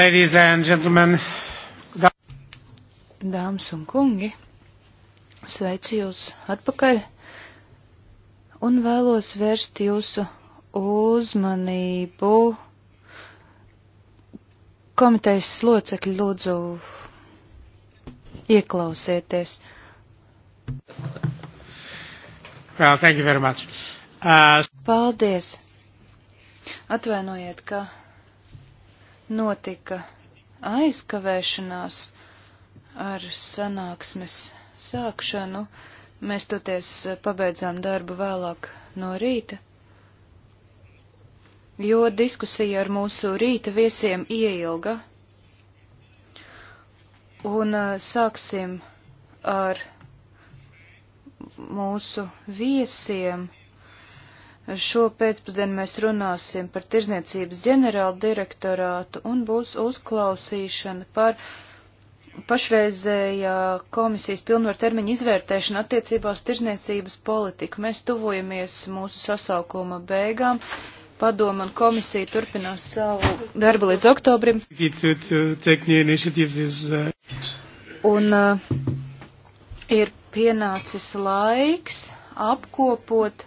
ladies and gentlemen. Dāmas un kungi, sveicu jūs atpakaļ un vēlos vērst jūsu uzmanību komitejas locekļi lūdzu ieklausieties. Well, thank you very much. Uh... Paldies. Atvainojiet, ka notika aizkavēšanās ar sanāksmes sākšanu. Mēs toties pabeidzām darbu vēlāk no rīta, jo diskusija ar mūsu rīta viesiem ieilga. Un sāksim ar mūsu viesiem Šo pēcpusdienu mēs runāsim par tirzniecības ģenerālu direktorātu un būs uzklausīšana par pašreizējā komisijas pilnvar termiņa izvērtēšana attiecībā uz tirzniecības politiku. Mēs tuvojamies mūsu sasaukuma beigām. Padoma un komisija turpinās savu darbu līdz oktobrim. Un uh, ir pienācis laiks apkopot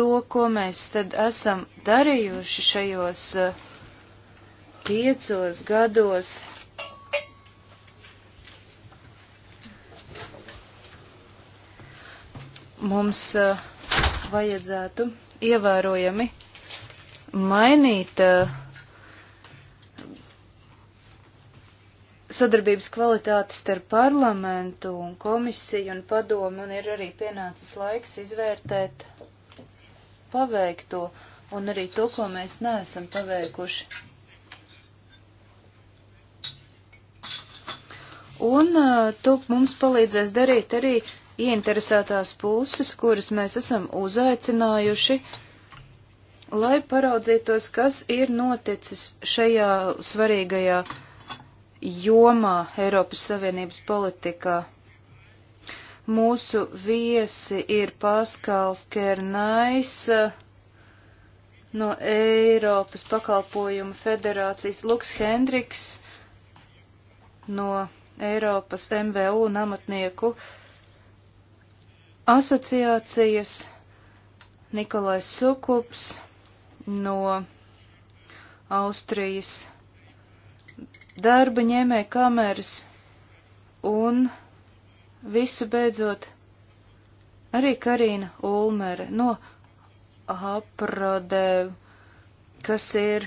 to, ko mēs tad esam darījuši šajos eh, piecos gados. Mums eh, vajadzētu ievērojami mainīt eh, sadarbības kvalitāti starp parlamentu un komisiju un padomu, un ir arī pienācis laiks izvērtēt paveikto un arī to, ko mēs neesam paveikuši. Un to mums palīdzēs darīt arī ieinteresētās puses, kuras mēs esam uzaicinājuši, lai paraudzītos, kas ir noticis šajā svarīgajā jomā Eiropas Savienības politikā. Mūsu viesi ir Paskāls Kernais eh, no Eiropas pakalpojumu federācijas Luks Hendriks no Eiropas MVU un amatnieku asociācijas Nikolais Sukups no Austrijas darba ņēmē kameras un visu beidzot arī Karina Ulmere no Aprodē, kas ir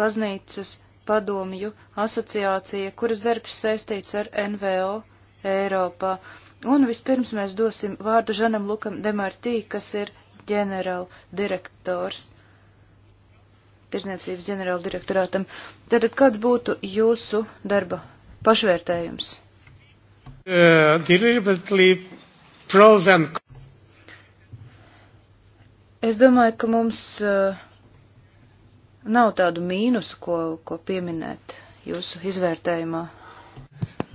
baznīcas padomju asociācija, kuras darbs saistīts ar NVO Eiropā. Un vispirms mēs dosim vārdu Žanam Lukam Demartī, kas ir ģenerāla direktors, tirzniecības ģenerāla direktorātam. Tad kāds būtu jūsu darba pašvērtējums? Uh, es domāju, ka mums uh, nav tādu mīnusu, ko, ko pieminēt jūsu izvērtējumā.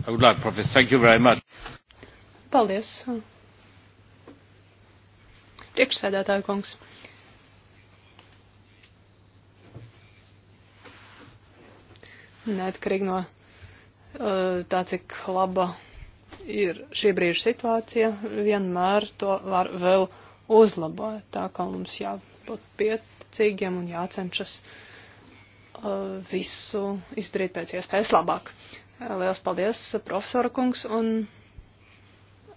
Like, professor, thank you very much. Paldies. Priekšsēdētāju kungs. Neatkarīgi no uh, tā, cik laba ir šī brīža situācija, vienmēr to var vēl uzlabot. Tā kā mums jābūt pieticīgiem un jācenšas uh, visu izdarīt pēc iespējas labāk. Uh, Lielas paldies, profesora kungs, un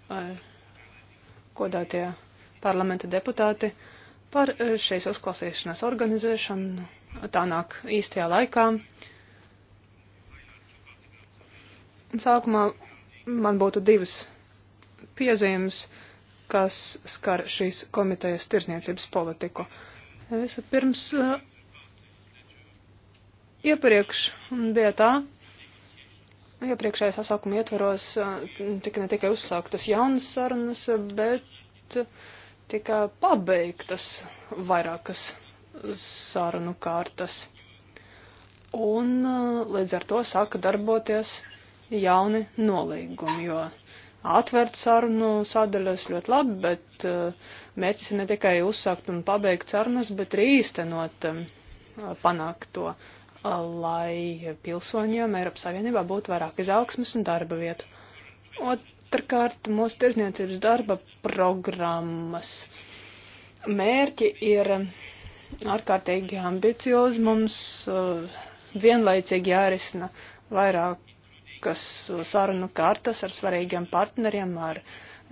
uh, godātie parlamenta deputāti par uh, šīs uzklausīšanās organizēšanu. Tā nāk īstajā laikā. Un sākumā Man būtu divas piezīmes, kas skar šīs komitejas tirsniecības politiku. Vispirms eh, iepriekš bija tā, iepriekšējā sasaukuma ietvaros eh, tika ne tikai uzsāktas jaunas sarunas, bet tika pabeigtas vairākas sarunu kārtas. Un eh, līdz ar to sāka darboties jauni nolīgumi, jo atvērt sarunu sadaļas ļoti labi, bet uh, mērķis ir ne tikai uzsākt un pabeigt sarunas, bet arī īstenot um, panākto, uh, lai pilsoņiem Eiropas Savienībā būtu vairāk izaugsmes un darba vietu. Otrkārt, mūsu tirzniecības darba programmas mērķi ir ārkārtīgi ambiciozi. Mums uh, vienlaicīgi jārisina vairāk vairākas sarunu kartas ar svarīgiem partneriem, ar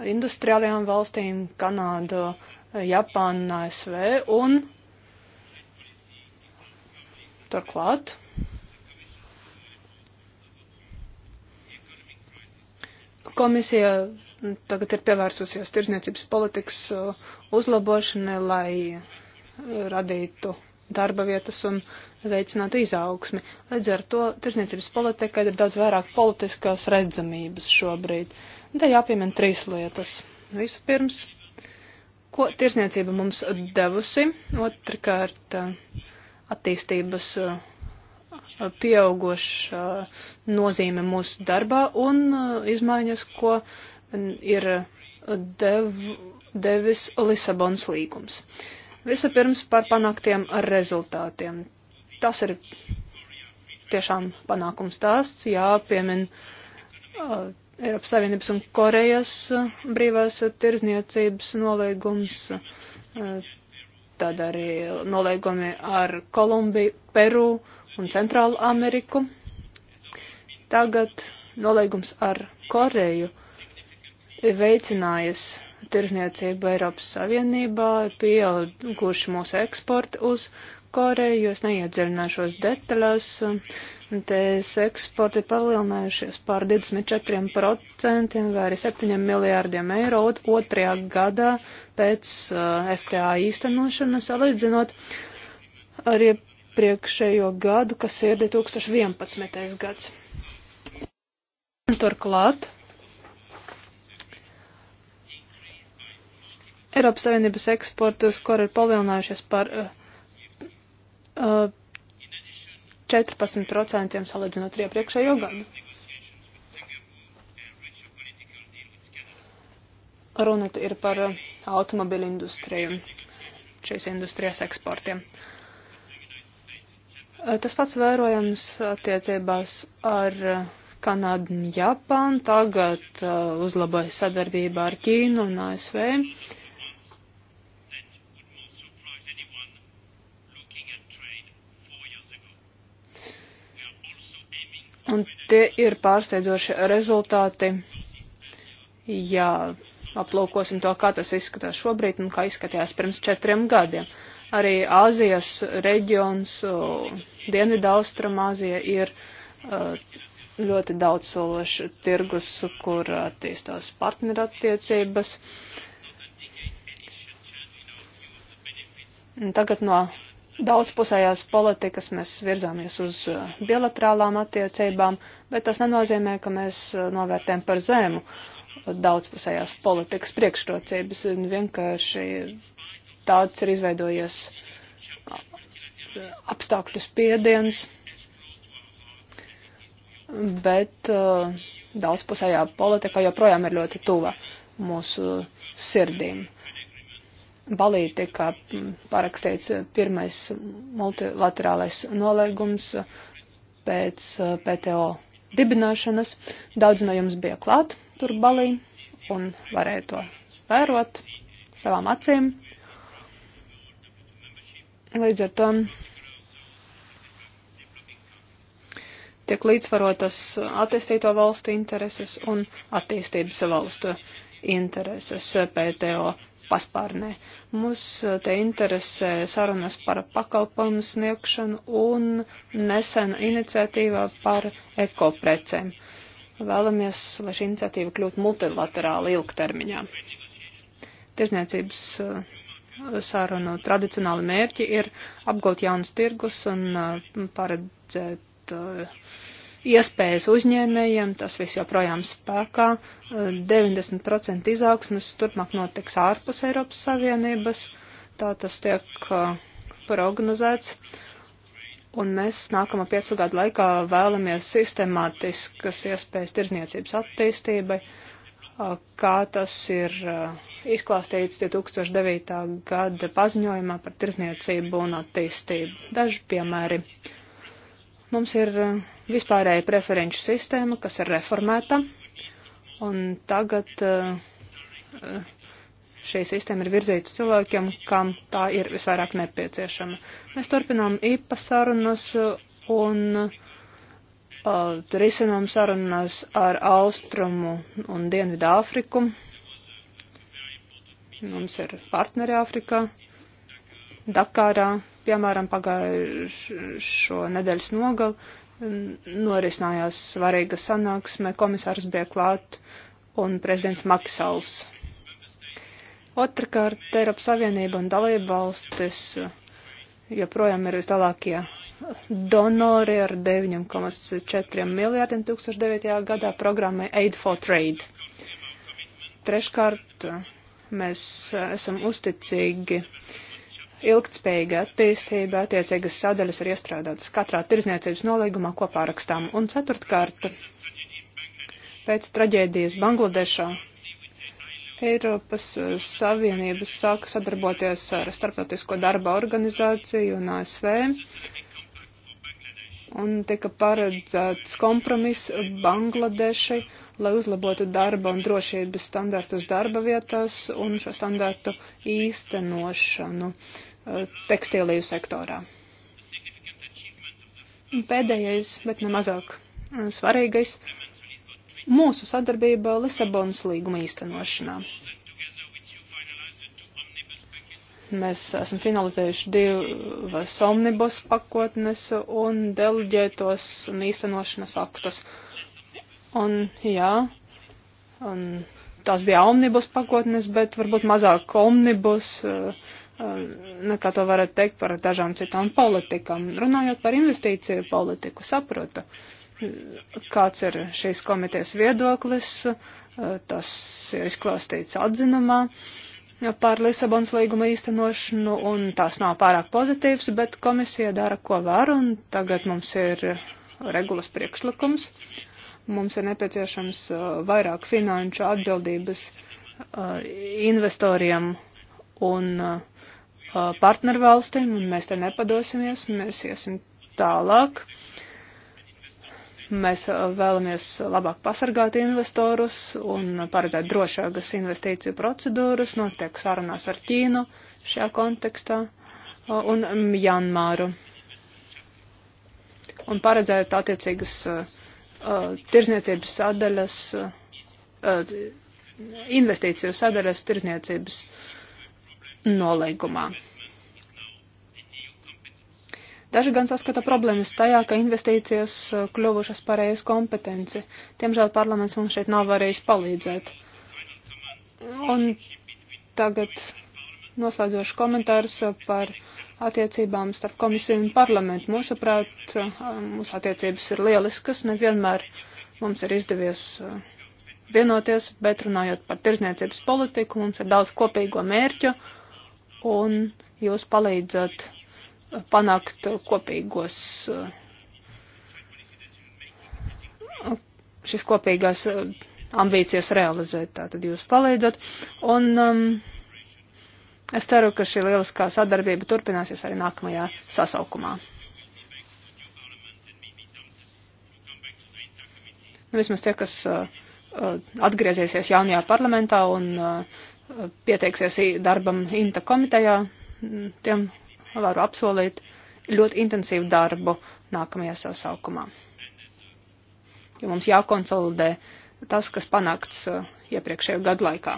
industriālajām valstīm, Kanādu, Japānu, ASV un turklāt. Komisija tagad ir pievērsusies tirzniecības politikas uh, uzlabošanai, lai uh, radītu darba vietas un veicinātu izaugsmi. Līdz ar to tirsniecības politika ir daudz vairāk politiskās redzamības šobrīd. Te jāpiemina trīs lietas. Vispirms, ko tirsniecība mums devusi, otrkārt attīstības uh, pieaugoša uh, nozīme mūsu darbā un uh, izmaiņas, ko ir dev, devis Lisabons līgums. Uh, Vispirms par panāktiem rezultātiem. Tas ir tiešām panākums stāsts, jāpiemin uh, Eiropas Savienības un Korejas uh, brīvās tirzniecības nolīgums, uh, tad arī nolīgumi ar Kolumbiju, Peru un Centrālu Ameriku. Tagad nolīgums ar Koreju ir veicinājis tirzniecība Eiropas Savienībā, pieauguši mūsu eksporta uz Koreju, jo es neiedziļināšos detaļās. Tēs eksporti palielinājušies par 24% vai arī 7 miljārdiem eiro otrajā gadā pēc uh, FTA īstenošanas, salīdzinot ar iepriekšējo gadu, kas ir 2011. gads. Turklāt Eiropas Savienības eksporta skori ir palielinājušies par uh, eh, 14% eh, salīdzinot ar iepriekšējo gadu. Runa ir par eh, automobiļu industriju, šīs industrijas eksportiem. Tas pats vērojams attiecībās ar Kanādu un Japānu, tagad uh, uzlabojas sadarbība ar Ķīnu un ASV. Un tie ir pārsteidzoši rezultāti, ja aplūkosim to, kā tas izskatās šobrīd un kā izskatījās pirms četriem gadiem. Arī Āzijas reģions, Dienvidaustrama Āzija ir ļoti daudz sološi tirgus, kur attīstās partnerattiecības. Tagad no daudzpusējās politikas, mēs virzāmies uz uh, bilaterālām attiecībām, bet tas nenozīmē, ka mēs uh, novērtējam par zemu daudzpusējās politikas priekšrocības. Vienkārši tāds ir izveidojies uh, apstākļu spiediens, bet daudzpusējā politika joprojām ir ļoti tuva mūsu sirdīm. Balī tika mm, parakstīts eh, pirmais multilaterālais nolēgums eh, pēc eh, PTO dibināšanas. Daudz no jums bija klāt tur Balī un varēja to vērot savām acīm. Līdz ar to tiek līdzvarotas attīstīto valstu intereses un attīstības valstu intereses PTO paspārnē. Mums eh, te interesē sarunas par pakalpojumu sniegšanu un nesena iniciatīva par ekoprecēm. Vēlamies, lai šī iniciatīva kļūtu multilaterāla ilgtermiņā. Tirzniecības eh, sarunu tradicionāli mērķi ir apgūt jaunus tirgus un eh, paredzēt iespējas uzņēmējiem, tas viss joprojām spēkā. 90% eh, izaugsmes turpmāk notiks ārpus Eiropas Savienības, tā tas tiek eh, prognozēts. Un mēs nākamā piecu gadu laikā vēlamies sistemātiskas iespējas tirzniecības attīstībai, eh, kā tas ir izklāstīts 2009. gada paziņojumā par tirzniecību un attīstību. Daži piemēri. Uh, Mums ir eh, vispārēja preferenču sistēma, kas ir reformēta, un tagad eh, eh, šī sistēma ir virzīta cilvēkiem, kam tā ir visvairāk nepieciešama. Mēs turpinām IPA sarunas un uh, risinām sarunas ar Austrumu un Dienvidu Āfriku. Mums ir partneri Āfrikā. Uh, Dakārā, piemēram, pagājušo nedēļas nogalu norisinājās svarīga sanāksme, komisārs bija klāt un prezidents Maksals. Otrakārt, Eiropas Savienība un dalība valstis joprojām ir vislielākie donori ar 9,4 miljārdiem 2009. gadā programmai Aid for Trade. Treškārt, mēs esam uzticīgi uh, ilgtspējīga attīstība, attiecīgas sadaļas ir iestrādātas katrā tirzniecības nolīgumā kopā rakstām. Un ceturtkārt, pēc traģēdijas Bangladešā Eiropas eh, Savienības sāka sadarboties ar Starptautisko darba organizāciju un ASV, un tika paredzēts kompromiss Bangladešai, lai uzlabotu darba un drošības standartus darba vietās un šo standartu īstenošanu. Uh, tekstīliju sektorā. Pēdējais, bet nemazāk eh, svarīgais, mūsu sadarbība Lisabonas līguma īstenošanā. Mēs esam finalizējuši divas omnibus pakotnes un deleģētos un īstenošanas aktus. Un jā, un tās bija omnibus pakotnes, bet varbūt mazāk omnibus. Uh, nekā to varētu teikt par dažām citām politikām. Runājot par investīciju politiku, saprotu, kāds ir šīs komitejas viedoklis, tas ir izklāstīts atzinumā par Lisabonas līguma īstenošanu, un tās nav pārāk pozitīvas, bet komisija dara, ko var, un tagad mums ir regulas priekšlikums. Mums ir nepieciešams vairāk finanšu atbildības uh, investoriem un uh, partnervalstīm, un mēs te nepadosimies, mēs iesim tālāk. Mēs uh, vēlamies labāk pasargāt investorus un paredzēt drošākas investīciju procedūras, notiek sarunās ar Ķīnu šajā kontekstā uh, un Janmāru. Un paredzēt attiecīgas uh, tirzniecības sadaļas, uh, investīciju sadaļas tirzniecības uh, nolīgumā. Daži gan saskata problēmas tajā, ka investīcijas uh, kļuvušas par ES kompetenci. Tiemžēl parlaments mums šeit nav varējis palīdzēt. Un tagad noslēdzošs komentārs uh, par attiecībām starp komisiju un parlamentu. Mūsuprāt, uh, mūsu attiecības ir lieliskas, nevienmēr mums ir izdevies vienoties, bet runājot par tirzniecības politiku, mums ir daudz kopīgo mērķu un jūs palīdzat panākt kopīgos, šis kopīgās ambīcijas realizēt. Tātad jūs palīdzat. Un um, es ceru, ka šī lieliskā sadarbība turpināsies arī nākamajā sasaukumā. Nu, vismaz tie, kas uh, uh atgriezīsies jaunajā parlamentā un uh, pieteiksies darbam INTA komitejā, tiem varu apsolīt ļoti intensīvu darbu nākamajā sasaukumā. Jo mums jākonsolidē tas, kas panākts uh, iepriekšējo gadu laikā.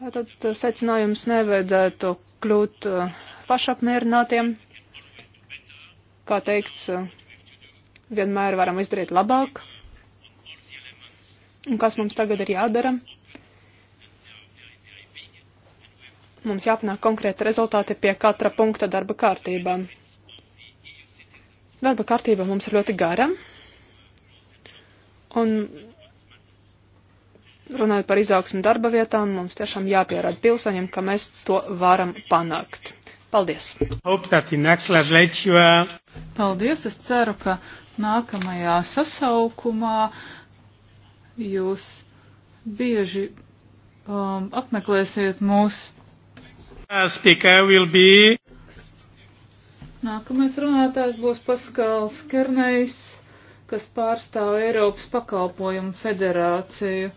Tātad uh, secinājums nevajadzētu kļūt uh, pašapmierinātiem. Kā teikts, vienmēr varam izdarīt labāk. Un kas mums tagad ir jādara? Mums jāpanāk konkrēti rezultāti pie katra punkta darba kārtībā. Darba kārtība mums ir ļoti gara. Un runājot par izaugsmu darba vietām, mums tiešām jāpierāda pilsoņiem, ka mēs to varam panākt. Paldies! Uh, Paldies! Es ceru, ka nākamajā sasaukumā jūs bieži um, apmeklēsiet mūsu Be... Nākamais runātājs būs Paskāls Kernejs, kas pārstāv Eiropas pakalpojumu federāciju.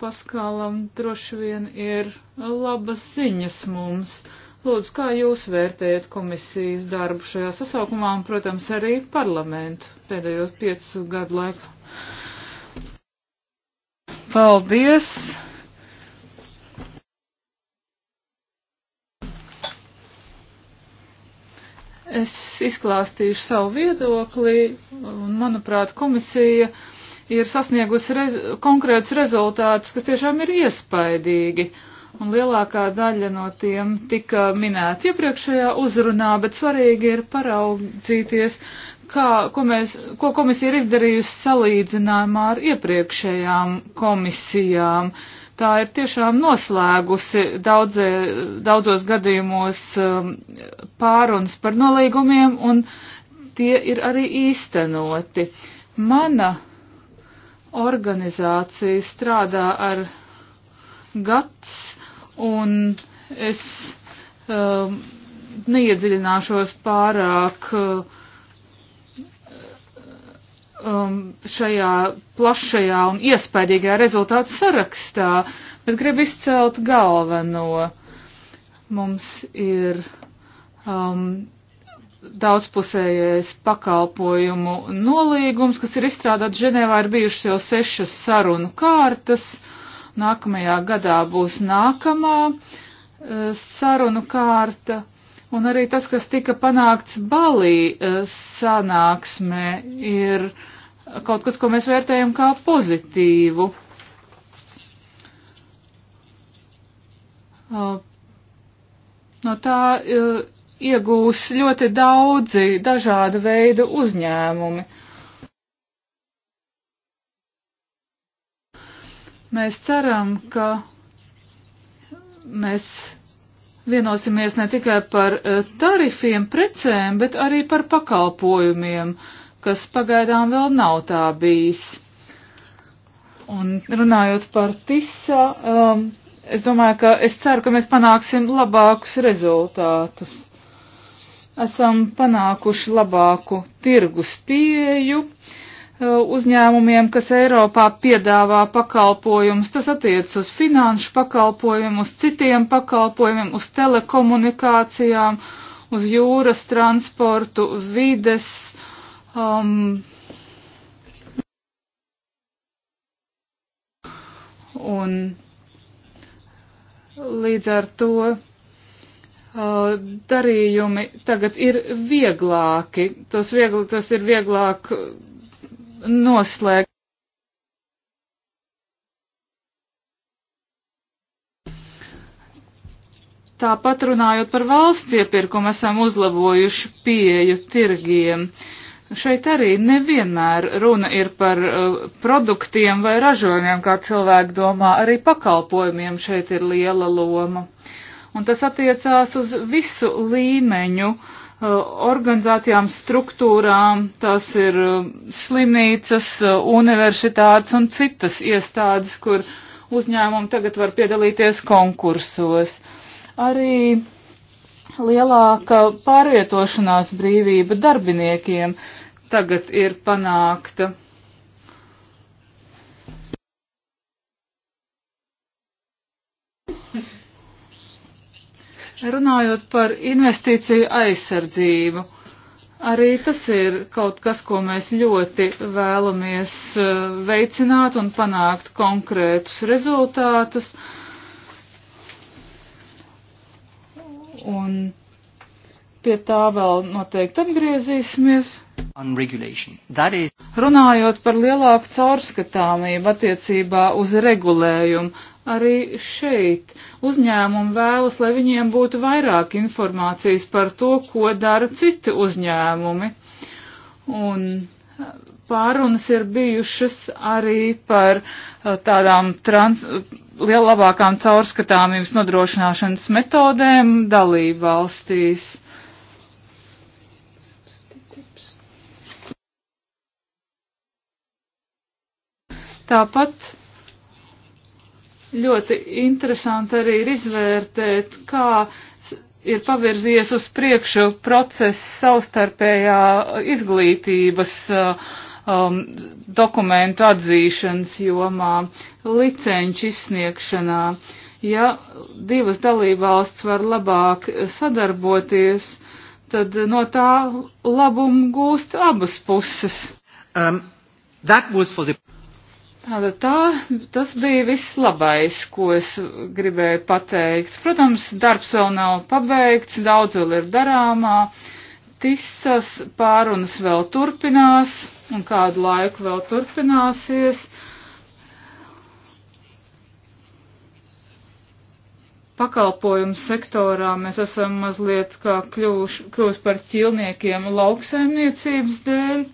Paskālam droši vien ir labas ziņas mums. Lūdzu, kā jūs vērtējat komisijas darbu šajā sasaukumā un, protams, arī parlamentu pēdējos piecu gadu laiku? Paldies! Es izklāstīšu savu viedokli, un, manuprāt, komisija ir sasniegusi rez konkrētus rezultātus, kas tiešām ir iespaidīgi, un lielākā daļa no tiem tika minēta iepriekšējā uzrunā, bet svarīgi ir paraudzīties, kā, ko, mēs, ko komisija ir izdarījusi salīdzinājumā ar iepriekšējām komisijām. Uh, tā ir tiešām noslēgusi daudzie, daudzos gadījumos um, pārunas par nolīgumiem, un tie ir arī īstenoti. Mana organizācija strādā ar gads, un es um, neiedziļināšos pārāk uh, um, šajā plašajā un iespaidīgajā rezultātu sarakstā, bet gribu izcelt galveno. Mums ir um, daudzpusējais pakalpojumu nolīgums, kas ir izstrādāts Ženēvā, ir bijušas jau sešas sarunu kārtas. Nākamajā gadā būs nākamā uh, sarunu kārta. Uh, Un arī tas, kas tika panākts Balī eh, sanāksmē, ir kaut kas, ko mēs vērtējam kā pozitīvu. Eh, no tā eh, iegūs ļoti daudzi dažāda veida uzņēmumi. Mēs ceram, ka mēs vienosimies ne tikai par eh, tarifiem, precēm, bet arī par pakalpojumiem, kas pagaidām vēl nav tā bijis. Un runājot par TISA, um, es domāju, ka es ceru, ka mēs panāksim labākus rezultātus. Esam panākuši labāku tirgus pieju. Uh, Uh, uzņēmumiem, kas Eiropā piedāvā pakalpojumus. Tas attiec uz finanšu pakalpojumu, uz citiem pakalpojumiem, uz telekomunikācijām, uz jūras transportu, vides. Um, un līdz ar to uh, darījumi tagad ir vieglāki. Tos, viegl, tos ir vieglāk noslēgt. Tāpat runājot par valsts iepirkumu, esam uzlabojuši pieju tirgiem. Šeit arī nevienmēr runa ir par uh, produktiem vai ražojumiem, kā cilvēki domā, arī pakalpojumiem šeit ir liela loma. Un tas attiecās uz visu līmeņu uh, Uh, organizācijām, struktūrām, tās ir uh, slimnīcas, uh, universitātes un citas iestādes, kur uzņēmumi tagad var piedalīties konkursos. Arī lielāka pārvietošanās brīvība darbiniekiem tagad ir panākta. Runājot par investīciju aizsardzību, arī tas ir kaut kas, ko mēs ļoti vēlamies uh, veicināt un panākt konkrētus rezultātus. Un pie tā vēl noteikti atgriezīsimies. Is... Runājot par lielāku caurskatāmību attiecībā uz regulējumu, arī šeit. Uzņēmumi vēlas, lai viņiem būtu vairāk informācijas par to, ko dara citi uzņēmumi. Un eh, pārunas ir bijušas arī par eh, tādām trans, lielākām caurskatāmības nodrošināšanas metodēm dalību valstīs. Tāpat ļoti interesanti arī ir izvērtēt, kā ir pavirzies uz priekšu process savstarpējā izglītības uh, um, dokumentu atzīšanas jomā, licenču izsniegšanā. Ja divas dalībvalsts var labāk sadarboties, tad no tā labumu gūst abas puses. Um, the... Tāda tā, tas bija viss labais, ko es gribēju pateikt. Protams, darbs vēl nav pabeigts, daudz vēl ir darāmā. Tisas pārunas vēl turpinās un kādu laiku vēl turpināsies. Pakalpojumu sektorā mēs esam mazliet kā kļūši, kļūst par ķilniekiem lauksaimniecības dēļ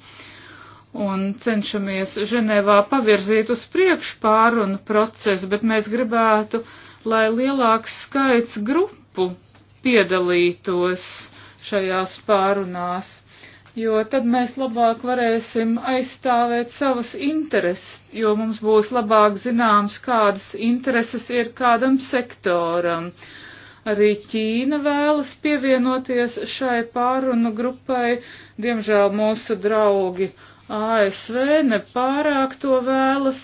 un cenšamies Ženēvā pavirzīt uz priekšu pārunu procesu, bet mēs gribētu, lai lielāks skaits grupu piedalītos šajās pārunās, jo tad mēs labāk varēsim aizstāvēt savas intereses, jo mums būs labāk zināms, kādas intereses ir kādam sektoram. Arī Ķīna vēlas pievienoties šai pārunu grupai, diemžēl mūsu draugi ASV nepārāk to vēlas,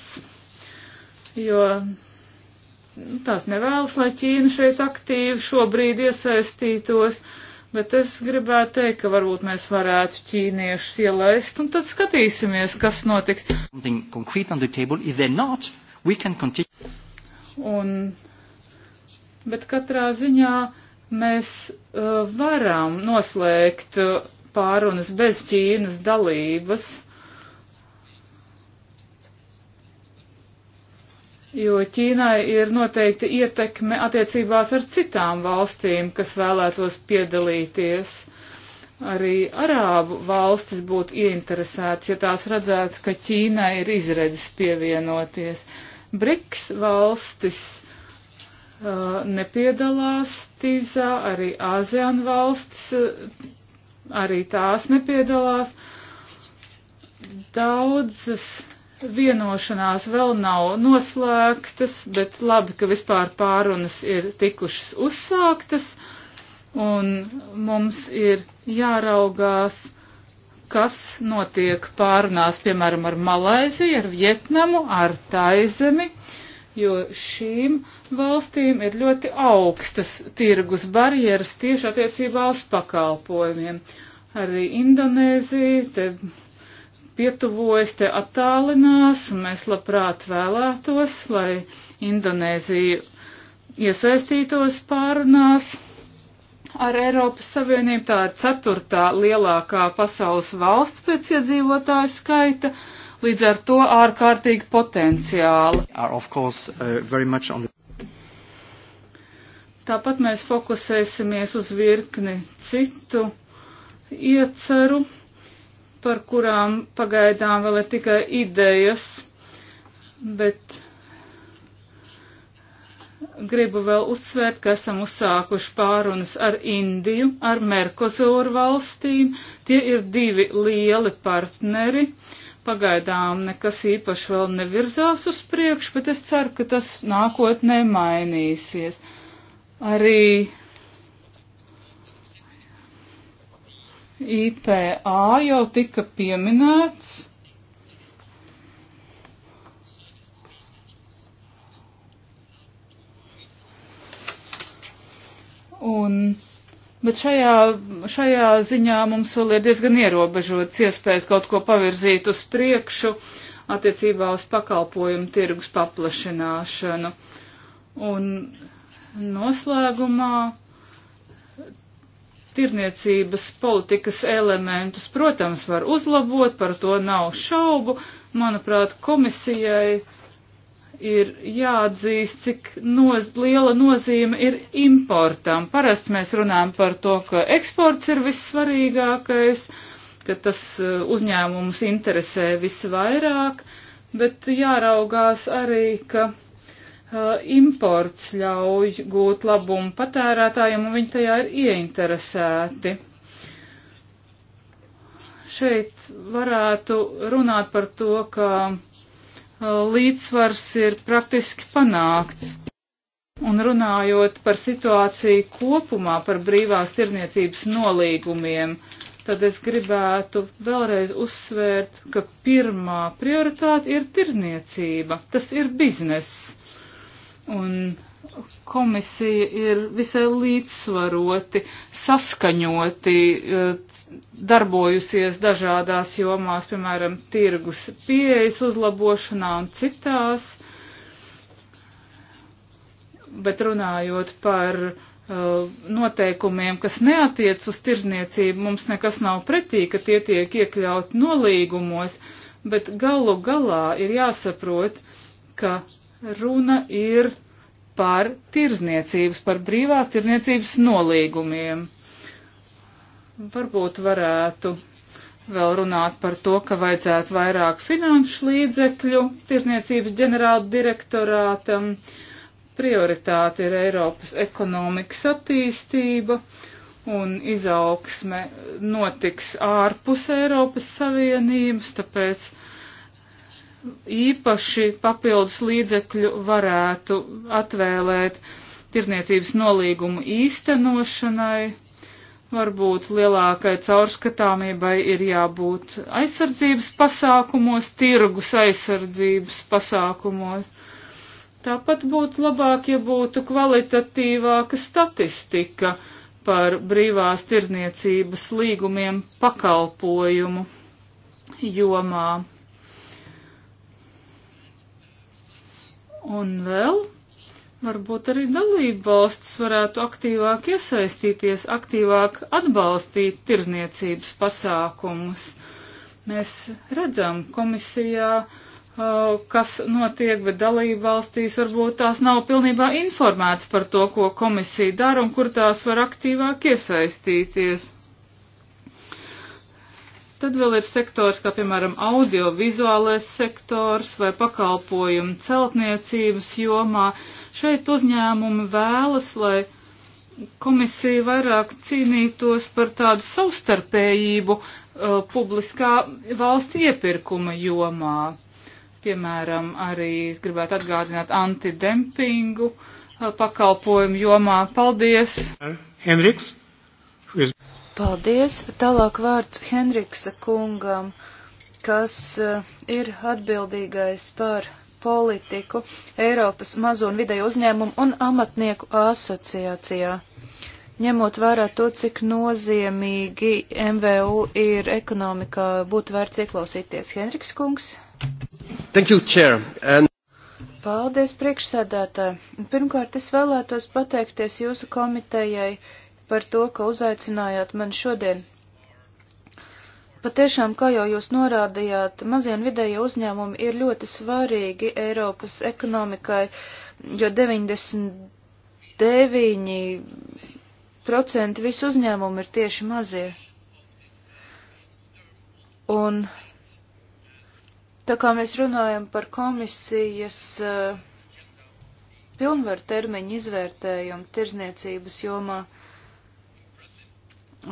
jo nu, tās nevēlas, lai Ķīna šeit aktīvi šobrīd iesaistītos, bet es gribētu teikt, ka varbūt mēs varētu ķīniešus ielaist un tad skatīsimies, kas notiks. Not, un, bet katrā ziņā mēs uh, varam noslēgt uh, pārunas bez Ķīnas dalības. Uh, jo Ķīnai ir noteikti ietekme attiecībās ar citām valstīm, kas vēlētos piedalīties. Arī arābu valstis būtu ieinteresētas, ja tās redzētu, ka Ķīnai ir izredzes pievienoties. BRICS valstis uh, nepiedalās tīzā, arī ASEAN valstis, uh, arī tās nepiedalās. Daudzas Vienošanās vēl nav noslēgtas, bet labi, ka vispār pārunas ir tikušas uzsāktas, un mums ir jāraugās, kas notiek pārunās, piemēram, ar Malaiziju, ar Vietnamu, ar Taizemi jo šīm valstīm ir ļoti augstas tirgus barjeras tieši attiecībā uz pakalpojumiem. Arī Indonēzija, te pietuvojas, te attālinās, un mēs labprāt vēlētos, lai Indonēzija iesaistītos pārunās ar Eiropas Savienību. Tā ir ceturtā lielākā pasaules valsts pēc iedzīvotāju skaita, līdz ar to ārkārtīgi potenciāli. Course, uh, the... Tāpat mēs fokusēsimies uz virkni citu ieceru par kurām pagaidām vēl ir tikai idejas, bet gribu vēl uzsvērt, ka esam uzsākuši pārunas ar Indiju, ar Merkozūru valstīm. Tie ir divi lieli partneri. Pagaidām nekas īpaši vēl nevirzās uz priekšu, bet es ceru, ka tas nākotnē mainīsies. Arī IPA jau tika pieminēts. Un, bet šajā, šajā ziņā mums vēl ir diezgan ierobežots iespējas kaut ko pavirzīt uz priekšu attiecībā uz pakalpojumu tirgus paplašināšanu. Un noslēgumā tirniecības politikas elementus, protams, var uzlabot, par to nav šaubu. Manuprāt, komisijai ir jāatzīst, cik noz, liela nozīme ir importam. Parasti mēs runājam par to, ka eksports ir vissvarīgākais, ka tas e, uzņēmums interesē visvairāk, bet jāraugās arī, ka imports ļauj gūt labumu patērētājiem, un viņi tajā ir ieinteresēti. Šeit varētu runāt par to, ka līdzsvars ir praktiski panākts. Un runājot par situāciju kopumā, par brīvās tirniecības nolīgumiem, tad es gribētu vēlreiz uzsvērt, ka pirmā prioritāte ir tirniecība. Tas ir bizness Un komisija ir visai līdzsvaroti, saskaņoti, e, darbojusies dažādās jomās, piemēram, tirgus pieejas uzlabošanā un citās. Bet runājot par e, noteikumiem, kas neatiec uz tirzniecību, mums nekas nav pretī, ka tie tiek iekļaut nolīgumos, bet galu galā ir jāsaprot, ka Runa ir par tirzniecības, par brīvās tirzniecības nolīgumiem. Varbūt varētu vēl runāt par to, ka vajadzētu vairāk finanšu līdzekļu tirzniecības ģenerāla direktorātam. Prioritāte ir Eiropas ekonomikas attīstība un izaugsme notiks ārpus Eiropas Savienības, tāpēc īpaši papildus līdzekļu varētu atvēlēt tirzniecības nolīgumu īstenošanai. Varbūt lielākai caurskatāmībai ir jābūt aizsardzības pasākumos, tirgus aizsardzības pasākumos. Tāpat būtu labāk, ja būtu kvalitatīvāka statistika par brīvās tirzniecības līgumiem pakalpojumu jomā Un vēl varbūt arī dalību valsts varētu aktīvāk iesaistīties, aktīvāk atbalstīt tirzniecības pasākumus. Mēs redzam komisijā, kas notiek, bet dalību valstīs varbūt tās nav pilnībā informētas par to, ko komisija dara un kur tās var aktīvāk iesaistīties. Tad vēl ir sektors, kā piemēram audiovizuālais sektors vai pakalpojumu celtniecības jomā. Šeit uzņēmumi vēlas, lai komisija vairāk cīnītos par tādu savstarpējību uh, publiskā valsts iepirkuma jomā. Piemēram, arī gribētu atgādināt antidempingu uh, pakalpojumu jomā. Paldies! Henriks. Paldies. Tālāk vārds Henriksa kungam, kas eh, ir atbildīgais par politiku Eiropas mazo un vidēju uzņēmumu un amatnieku asociācijā. Ņemot vērā to, cik nozīmīgi MVU ir ekonomikā, būtu vērts ieklausīties. Henriks Kungs. Thank you, Chair. And... Paldies, priekšsēdētāji. Pirmkārt, es vēlētos pateikties jūsu komitejai par to, ka uzaicinājāt mani šodien. Patiešām, kā jau jūs norādījāt, mazie un vidēji uzņēmumi ir ļoti svarīgi Eiropas ekonomikai, jo 99% visu uzņēmumu ir tieši mazie. Un tā kā mēs runājam par komisijas uh, pilnvaru termiņu izvērtējumu tirzniecības jomā, uh,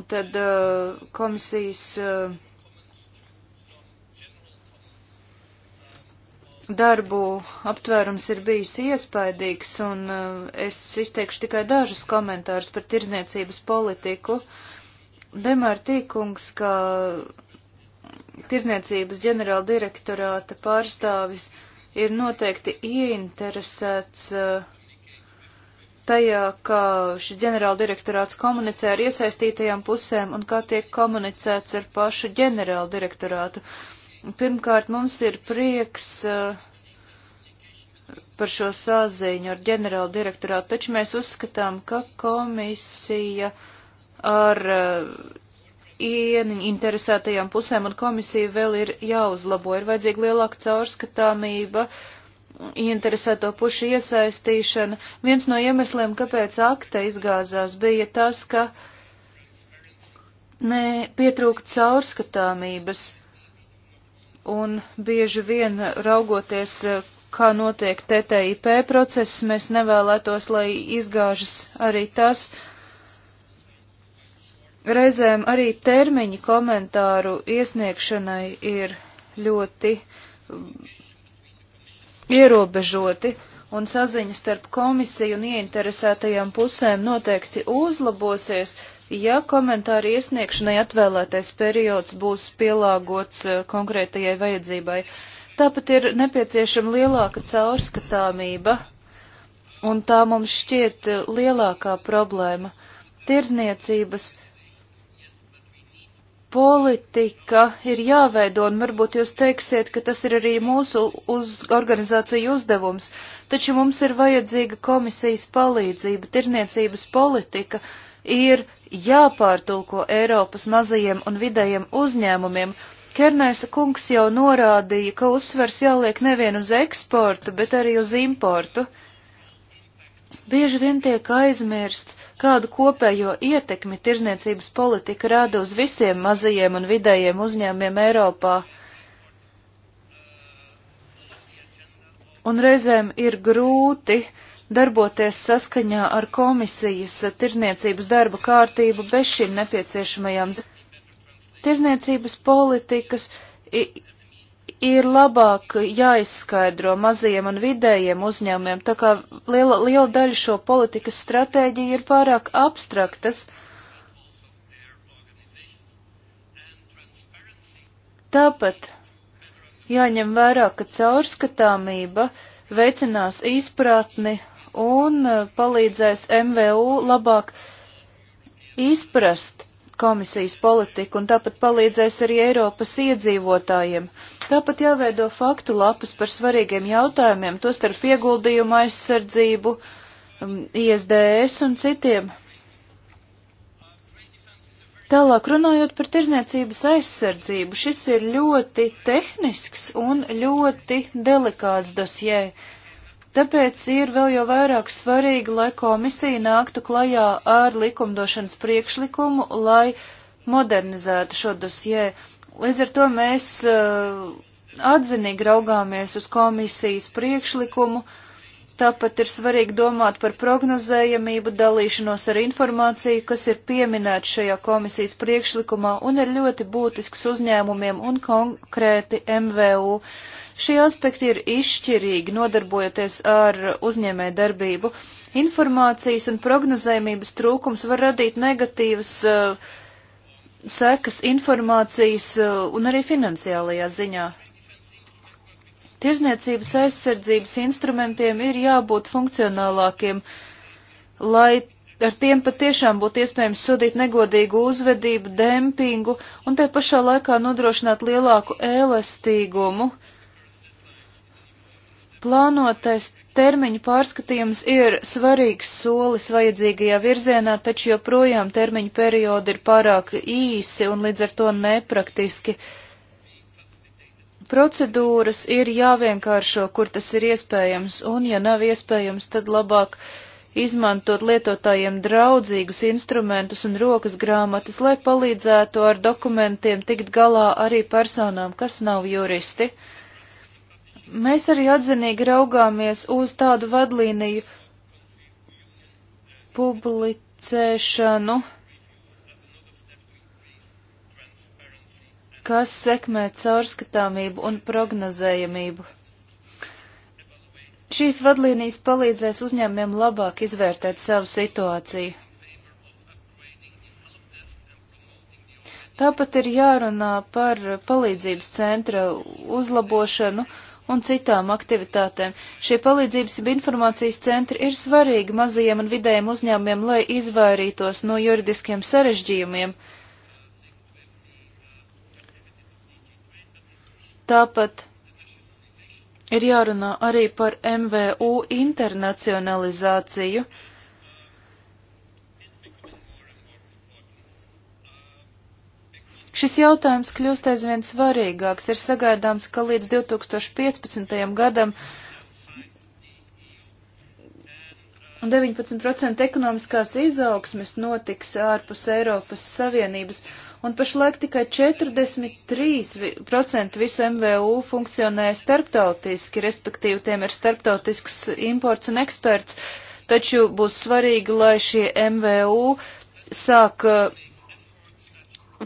tad uh, komisijas uh, darbu aptvērums ir bijis iespaidīgs, un uh, es izteikšu tikai dažus komentārus par tirzniecības politiku. Demēr Tīkungs, kā tirzniecības ģenerāla direktorāta pārstāvis, ir noteikti ieinteresēts uh, tajā, kā šis ģenerāldirektorāts komunicē ar iesaistītajām pusēm un kā tiek komunicēts ar pašu ģenerāldirektorātu. Pirmkārt, mums ir prieks uh, par šo sāziņu ar ģenerāldirektorātu, taču mēs uzskatām, ka komisija ar uh, interesētajām pusēm un komisija vēl ir jāuzlabo, ir vajadzīga lielāka caurskatāmība, uh, interesēto pušu iesaistīšana. Viens no iemesliem, kāpēc akta izgāzās, bija tas, ka ne pietrūka caurskatāmības un bieži vien raugoties, kā notiek TTIP process, mēs nevēlētos, lai izgāžas arī tas. Reizēm arī termiņi komentāru iesniegšanai ir ļoti ierobežoti, un saziņa starp komisiju un ieinteresētajām pusēm noteikti uzlabosies, ja komentāru iesniegšanai atvēlētais periods būs pielāgots eh, konkrētajai vajadzībai. Tāpat ir nepieciešama lielāka caurskatāmība, un tā mums šķiet eh, lielākā problēma. Tirzniecības politika ir jāveido, un varbūt jūs teiksiet, ka tas ir arī mūsu uz organizāciju uzdevums, taču mums ir vajadzīga komisijas palīdzība, tirzniecības politika ir jāpārtulko Eiropas mazajiem un vidējiem uzņēmumiem. Kernēsa kungs jau norādīja, ka uzsvers jāliek nevien uz eksportu, bet arī uz importu. Uh, Bieži vien tiek aizmirsts, kādu kopējo ietekmi tirzniecības politika rada uz visiem mazajiem un vidējiem uzņēmiem Eiropā. Un reizēm ir grūti darboties saskaņā ar komisijas tirzniecības darba kārtību bez šīm nepieciešamajām tirzniecības politikas ir labāk jāizskaidro mazajiem un vidējiem uzņēmumiem, tā kā liela, liela daļa šo politikas stratēģiju ir pārāk abstraktas. Tāpat jāņem vērā, ka caurskatāmība veicinās izpratni un uh, palīdzēs MVU labāk izprast komisijas politiku un tāpat palīdzēs arī Eiropas iedzīvotājiem. Uh, Tāpat jāveido faktu lapas par svarīgiem jautājumiem, tostarp ieguldījumu aizsardzību, um, ISDS un citiem. Tālāk runājot par tirzniecības aizsardzību, šis ir ļoti tehnisks un ļoti delikāts dosjē. Tāpēc ir vēl jau vairāk svarīgi, lai komisija nāktu klajā ar likumdošanas priekšlikumu, lai modernizētu šo dosjē. Līdz ar to mēs uh, atzinīgi raugāmies uz komisijas priekšlikumu, tāpat ir svarīgi domāt par prognozējamību, dalīšanos ar informāciju, kas ir pieminēta šajā komisijas priekšlikumā un ir ļoti būtisks uzņēmumiem un konkrēti MVU. Šie aspekti ir izšķirīgi nodarbojoties ar uzņēmē darbību. Informācijas un prognozējumības trūkums var radīt negatīvas uh, sekas informācijas eh, un arī finansiālajā ziņā. Tirzniecības aizsardzības instrumentiem ir jābūt funkcionālākiem, lai ar tiem patiešām būtu iespējams sodīt negodīgu uzvedību, dempingu un te pašā laikā nodrošināt lielāku elastīgumu. Plānotais Termiņu pārskatījums ir svarīgs solis vajadzīgajā virzienā, taču joprojām termiņu periodi ir pārāk īsi un līdz ar to nepraktiski. Procedūras ir jāvienkāršo, kur tas ir iespējams, un ja nav iespējams, tad labāk izmantot lietotājiem draudzīgus instrumentus un rokas grāmatas, lai palīdzētu ar dokumentiem tikt galā arī personām, kas nav juristi. Mēs arī atzinīgi raugāmies uz tādu vadlīniju publicēšanu, kas sekmē caurskatāmību un prognozējamību. Šīs vadlīnijas palīdzēs uzņēmumiem labāk izvērtēt savu situāciju. Tāpat ir jārunā par palīdzības centra uzlabošanu un citām aktivitātēm. Šie palīdzības un informācijas centri ir svarīgi mazajiem un vidējiem uzņēmumiem, lai izvairītos no juridiskiem sarežģījumiem. Tāpat ir jārunā arī par MVU internacionalizāciju. Šis jautājums kļūst aizvien svarīgāks. Ir sagaidāms, ka līdz 2015. gadam 19% ekonomiskās izaugsmes notiks ārpus Eiropas Savienības, un pašlaik tikai 43% visu MVU funkcionē starptautiski, respektīvi tiem ir starptautisks imports un eksperts, taču būs svarīgi, lai šie MVU sāk uh,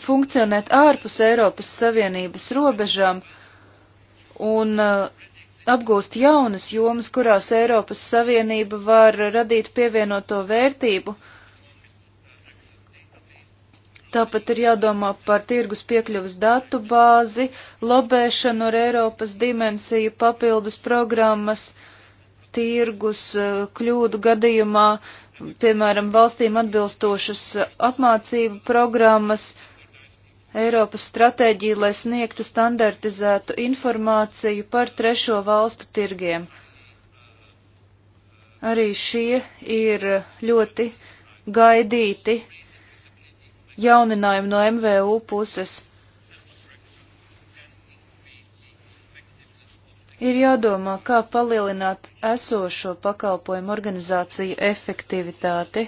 funkcionēt ārpus Eiropas Savienības robežām un uh, apgūst jaunas jomas, kurās Eiropas Savienība var radīt pievienoto vērtību. Tāpat ir jādomā par tirgus piekļuvas datu bāzi, lobēšanu ar Eiropas dimensiju, papildus programmas, tirgus uh, kļūdu gadījumā, piemēram, valstīm atbilstošas apmācību programmas, uh, Eiropas stratēģiju, lai sniegtu standartizētu informāciju par trešo valstu tirgiem. Arī šie ir ļoti gaidīti jauninājumi no MVU puses. Ir jādomā, kā palielināt esošo pakalpojumu organizāciju efektivitāti.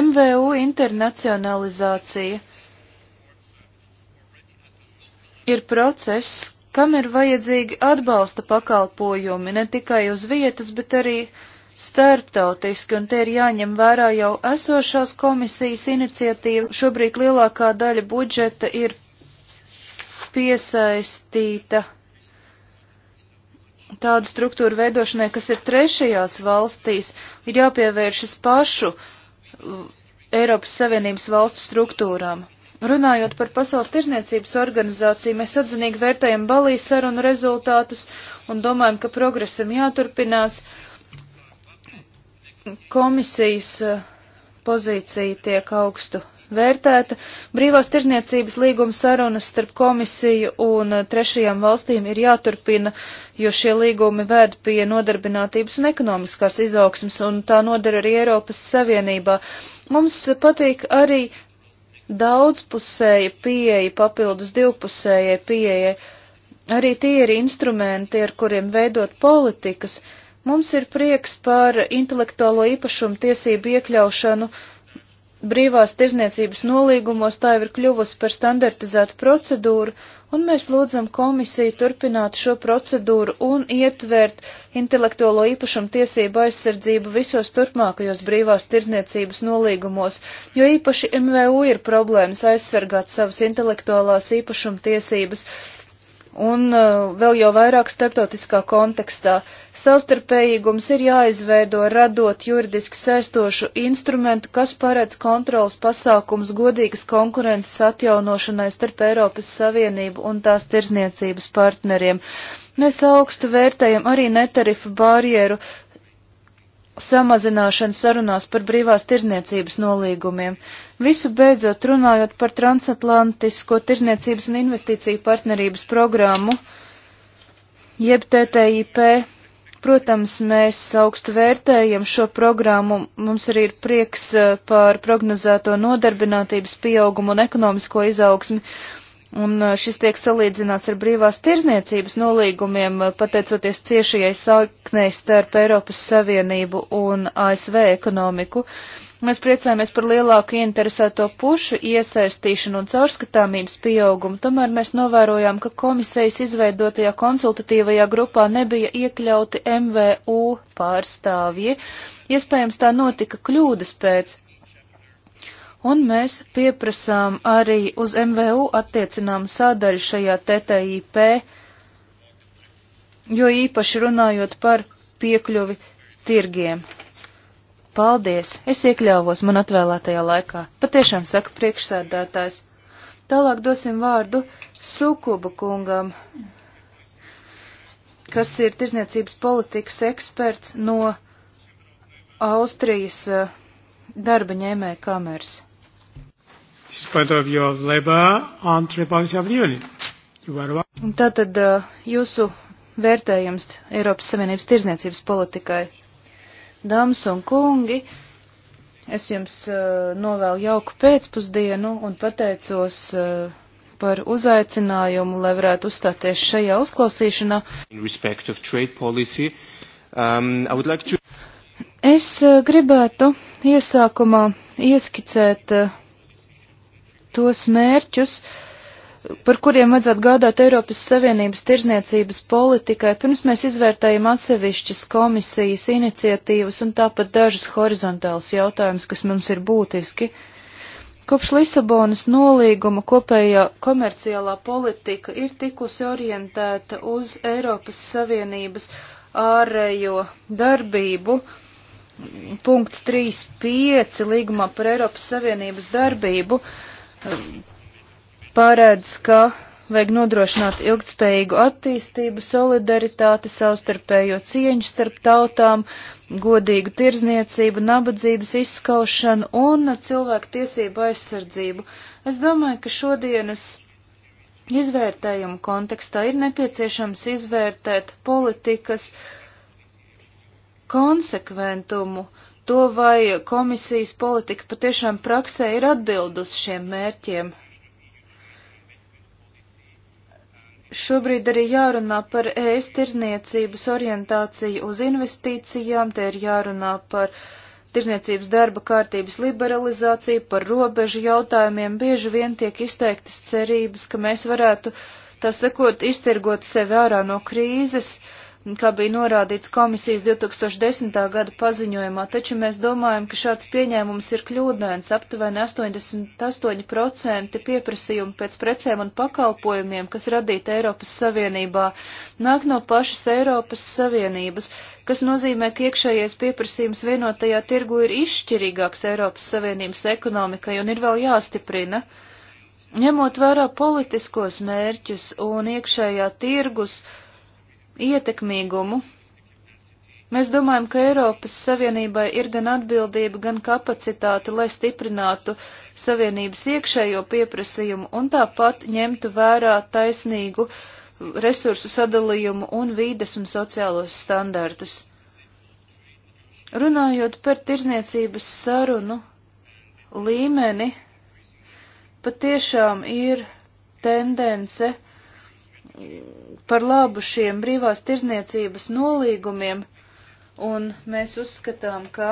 MVU internacionalizācija ir process, kam ir vajadzīgi atbalsta pakalpojumi ne tikai uz vietas, bet arī starptautiski, un te ir jāņem vērā jau esošās komisijas iniciatīva. Šobrīd lielākā daļa budžeta ir piesaistīta tādu struktūru veidošanai, kas ir trešajās valstīs, ir jāpievēršas pašu Eiropas Savienības valstu struktūrām. Runājot par Pasaules tirzniecības organizāciju, mēs atzinīgi vērtējam Balijas sarunu rezultātus un domājam, ka progresam jāturpinās. Komisijas eh, pozīcija tiek augstu vērtēta. Brīvās tirzniecības līguma sarunas starp komisiju un eh, trešajām valstīm ir jāturpina, jo šie līgumi vēd pie nodarbinātības un ekonomiskās izaugsmas, un tā nodara arī Eiropas Savienībā. Mums patīk arī daudzpusēja pieeja papildus divpusējai pieejai. Arī tie ir instrumenti, ar kuriem veidot politikas. Mums ir prieks par intelektuālo īpašumu tiesību iekļaušanu brīvās tirzniecības nolīgumos, tā jau ir kļuvusi par standartizētu procedūru, un mēs lūdzam komisiju turpināt šo procedūru un ietvert intelektuālo īpašumu tiesību aizsardzību visos turpmākajos brīvās tirzniecības nolīgumos, jo īpaši MVU ir problēmas aizsargāt savas intelektuālās īpašuma tiesības, un uh, vēl jau vairāk starptautiskā kontekstā. Savstarpējīgums ir jāizveido radot juridiski saistošu instrumentu, kas paredz kontrolas pasākums godīgas konkurences atjaunošanai starp Eiropas Savienību un tās tirzniecības partneriem. Mēs augstu vērtējam arī netarifu barjeru samazināšanu sarunās par brīvās tirzniecības nolīgumiem, visu beidzot runājot par transatlantisko tirzniecības un investīciju partnerības programmu, jeb TTIP. Protams, mēs augstu vērtējam šo programmu, mums arī ir prieks eh, par prognozēto nodarbinātības pieaugumu un ekonomisko izaugsmi, Un eh, šis tiek salīdzināts ar brīvās tirzniecības nolīgumiem, eh, pateicoties ciešajai saknei starp Eiropas Savienību un ASV ekonomiku. Mēs priecājamies par lielāku interesēto pušu iesaistīšanu un caurskatāmības pieaugumu, tomēr mēs novērojām, ka komisijas izveidotajā konsultatīvajā grupā nebija iekļauti MVU pārstāvji. Iespējams, tā notika kļūdas pēc Un mēs pieprasām arī uz MVU attiecinām sādaļu šajā TTIP, jo īpaši runājot par piekļuvi tirgiem. Paldies, es iekļāvos man atvēlētajā laikā. Patiešām saka priekšsēdētājs. Tālāk dosim vārdu Sukuba kungam, kas ir tirzniecības politikas eksperts no Austrijas eh, darba ņēmēja kameras is part of your labor and Republic of the Union. You are one. Un tātad uh, jūsu vērtējums Eiropas Savienības tirzniecības politikai. Dāmas un kungi, es jums uh, novēlu jauku pēcpusdienu un pateicos uh, par uzaicinājumu, lai varētu uzstāties šajā uzklausīšanā. Policy, um, like to... Es gribētu iesākumā ieskicēt uh, tos mērķus, par kuriem vajadzētu gādāt Eiropas Savienības tirzniecības politikai, pirms mēs izvērtējam atsevišķas komisijas iniciatīvas un tāpat dažus horizontālus jautājumus, kas mums ir būtiski. Kopš Lisabonas nolīguma kopējā komerciālā politika ir tikusi orientēta uz Eiropas Savienības ārējo darbību. Punkts 3.5 līgumā par Eiropas Savienības darbību paredz, ka vajag nodrošināt ilgtspējīgu attīstību, solidaritāti, savstarpējo cieņu starp tautām, godīgu tirzniecību, nabadzības izskaušanu un cilvēku tiesību aizsardzību. Es domāju, ka šodienas izvērtējuma kontekstā ir nepieciešams izvērtēt politikas konsekventumu, to, vai komisijas politika patiešām praksē ir atbildus šiem mērķiem. Šobrīd arī jārunā par ēst tirzniecības orientāciju uz investīcijām, te ir jārunā par tirzniecības darba kārtības liberalizāciju, par robežu jautājumiem. Bieži vien tiek izteiktas cerības, ka mēs varētu, tā sakot, iztirgot sevi ārā no krīzes, uh, kā bija norādīts komisijas 2010. gada paziņojumā, taču mēs domājam, ka šāds pieņēmums ir kļūdains. Aptuveni 88% pieprasījumu pēc precēm un pakalpojumiem, kas radīti Eiropas Savienībā, nāk no pašas Eiropas Savienības, kas nozīmē, ka iekšējais pieprasījums vienotajā tirgu ir izšķirīgāks Eiropas Savienības ekonomikai un ir vēl jāstiprina. Ņemot vērā politiskos mērķus un iekšējā tirgus, uh, ietekmīgumu. Mēs domājam, ka Eiropas Savienībai ir gan atbildība, gan kapacitāte, lai stiprinātu Savienības iekšējo pieprasījumu un tāpat ņemtu vērā taisnīgu resursu sadalījumu un vīdes un sociālos standartus. Runājot par tirzniecības sarunu līmeni, patiešām ir tendence, uh, par labu šiem brīvās tirzniecības nolīgumiem, un mēs uzskatām, ka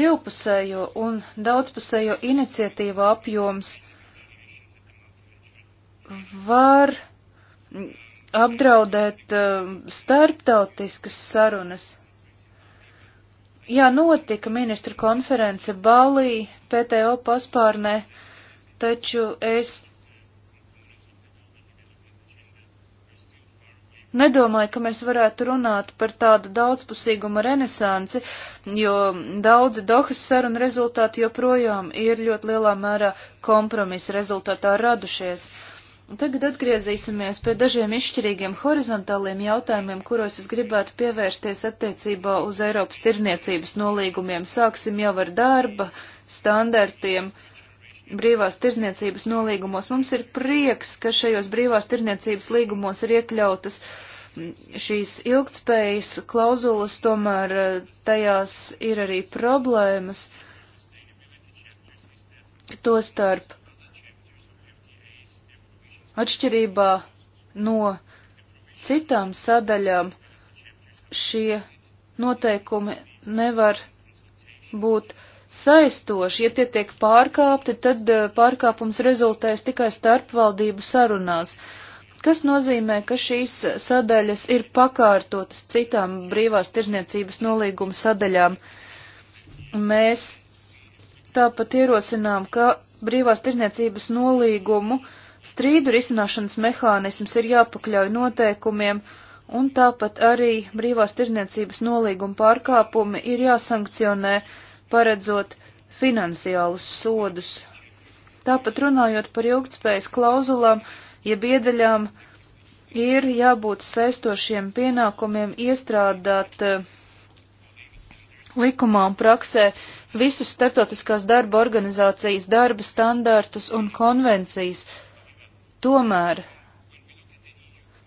divpusējo un daudzpusējo iniciatīvu apjoms var apdraudēt uh, starptautiskas sarunas. Jā, notika ministru konference Balī, PTO paspārnē, taču es Nedomāju, ka mēs varētu runāt par tādu daudzpusīguma renesansi, jo daudzi Dohas saruna rezultāti joprojām ir ļoti lielā mērā kompromisa rezultātā radušies. Tagad atgriezīsimies pie dažiem izšķirīgiem horizontāliem jautājumiem, kuros es gribētu pievērsties attiecībā uz Eiropas tirzniecības nolīgumiem. Sāksim jau ar darba standartiem. Uh, brīvās tirzniecības nolīgumos. Mums ir prieks, ka šajos brīvās tirzniecības līgumos ir iekļautas šīs ilgtspējas klauzulas, tomēr e, tajās ir arī problēmas. Tostarp atšķirībā no citām sadaļām šie noteikumi nevar būt uh, saistoši. Ja tie tiek pārkāpti, tad eh, pārkāpums rezultēs tikai starpvaldību sarunās, kas nozīmē, ka šīs sadaļas ir pakārtotas citām brīvās tirzniecības nolīguma sadaļām. Mēs tāpat ierosinām, ka brīvās tirzniecības nolīgumu strīdu risināšanas mehānisms ir jāpakļauj noteikumiem, un tāpat arī brīvās tirzniecības nolīguma pārkāpumi ir jāsankcionē, uh, paredzot finansiālus sodus. Tāpat runājot par ilgtspējas klauzulām, jeb iedaļām, ir jābūt saistošiem pienākumiem iestrādāt eh, likumā un praksē visus starptautiskās darba organizācijas darba standārtus un konvencijas. Tomēr,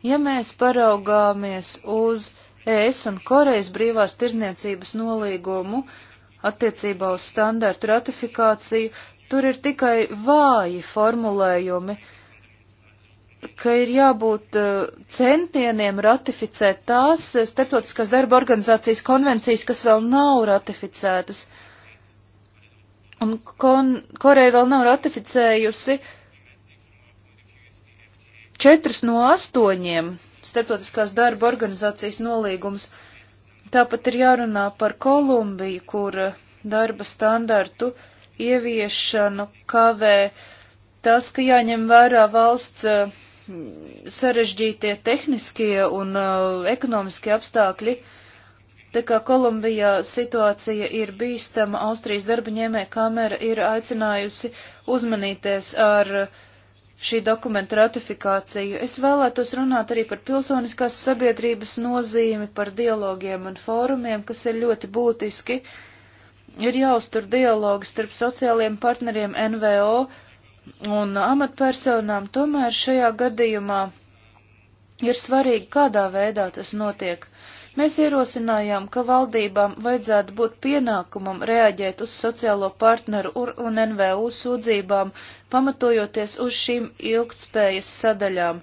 ja mēs paraugāmies uz ES un Korejas brīvās tirzniecības nolīgumu, uh, attiecībā uz standartu ratifikāciju, tur ir tikai vāji formulējumi, ka ir jābūt uh, centieniem ratificēt tās uh, stetotiskās darba organizācijas konvencijas, kas vēl nav ratificētas. Un kon, Koreja vēl nav ratificējusi četrus no astoņiem stetotiskās darba organizācijas nolīgums. Uh, Tāpat ir jārunā par Kolumbiju, kur eh, darba standartu ieviešanu kavē tas, ka jāņem vērā valsts eh, sarežģītie tehniskie un eh, ekonomiskie apstākļi. Tā kā Kolumbijā situācija ir bīstama, Austrijas darba ņēmē kamera ir aicinājusi uzmanīties ar uh, šī dokumenta ratifikāciju. Es vēlētos runāt arī par pilsoniskās sabiedrības nozīmi, par dialogiem un fórumiem, kas ir ļoti būtiski. Ir jāuztur dialogi starp sociālajiem partneriem NVO un amatpersonām, tomēr šajā gadījumā ir svarīgi, kādā veidā tas notiek. Mēs ierosinājām, ka valdībām vajadzētu būt pienākumam reaģēt uz sociālo partneru un NVU sūdzībām, pamatojoties uz šīm ilgtspējas sadaļām.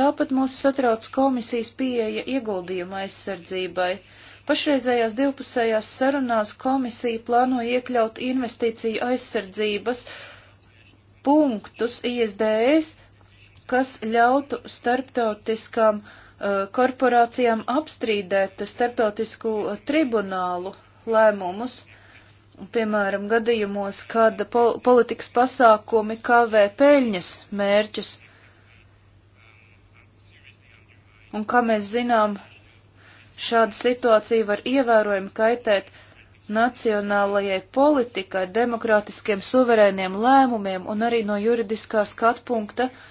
Tāpat mūs satrauc komisijas pieeja ieguldījuma aizsardzībai. Pašreizējās divpusējās sarunās komisija plāno iekļaut investīciju aizsardzības punktus ISDS, kas ļautu starptautiskām uh, Eh, korporācijām apstrīdēt starptautisku eh, tribunālu lēmumus, piemēram, gadījumos, kad pol politikas pasākumi kavē peļņas mērķus. Un kā mēs zinām, šāda situācija var ievērojami kaitēt nacionālajai politikai, demokrātiskiem suverēniem lēmumiem un arī no juridiskā skatpunkta uh,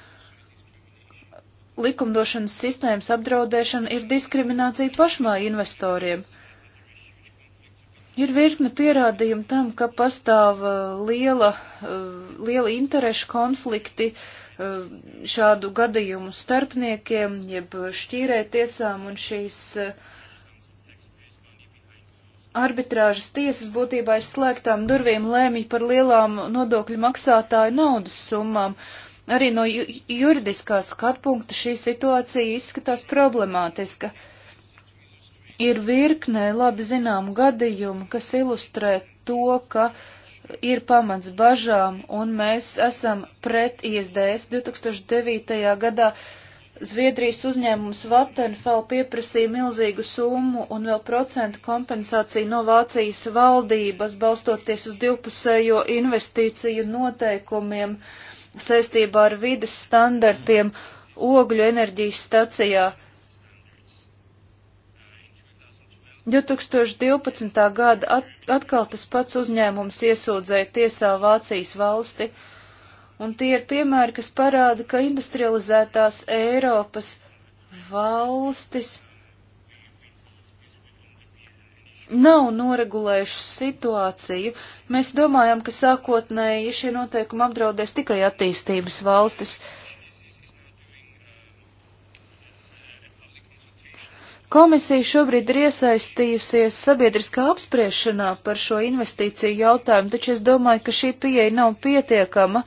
likumdošanas sistēmas apdraudēšana ir diskriminācija pašmā investoriem. Ir virkne pierādījumu tam, ka pastāv uh, liela, uh, liela interešu konflikti uh, šādu gadījumu starpniekiem, jeb šķīrē tiesām un šīs arbitrāžas tiesas būtībā aizslēgtām durvīm lēmīja par lielām nodokļu maksātāju naudas summām. Uh, Arī no ju juridiskā skatpunkta šī situācija izskatās problemātiska. Ir virknē labi zināmu gadījumu, kas ilustrē to, ka ir pamats bažām, un mēs esam pret ISDS 2009. gadā. Zviedrijas uzņēmums Vattenfall pieprasīja milzīgu summu un vēl procentu kompensāciju no Vācijas valdības, balstoties uz divpusējo investīciju noteikumiem. Uh, saistībā ar vides standartiem ogļu enerģijas stacijā. 2012. gada at, atkal tas pats uzņēmums iesūdzēja tiesā Vācijas valsti, un tie ir piemēri, kas parāda, ka industrializētās Eiropas valstis nav noregulējuši situāciju. Mēs domājam, ka sākotnēji šie noteikumi apdraudēs tikai attīstības valstis. Komisija šobrīd ir iesaistījusies sabiedriskā apspriešanā par šo investīciju jautājumu, taču es domāju, ka šī pieeja nav pietiekama,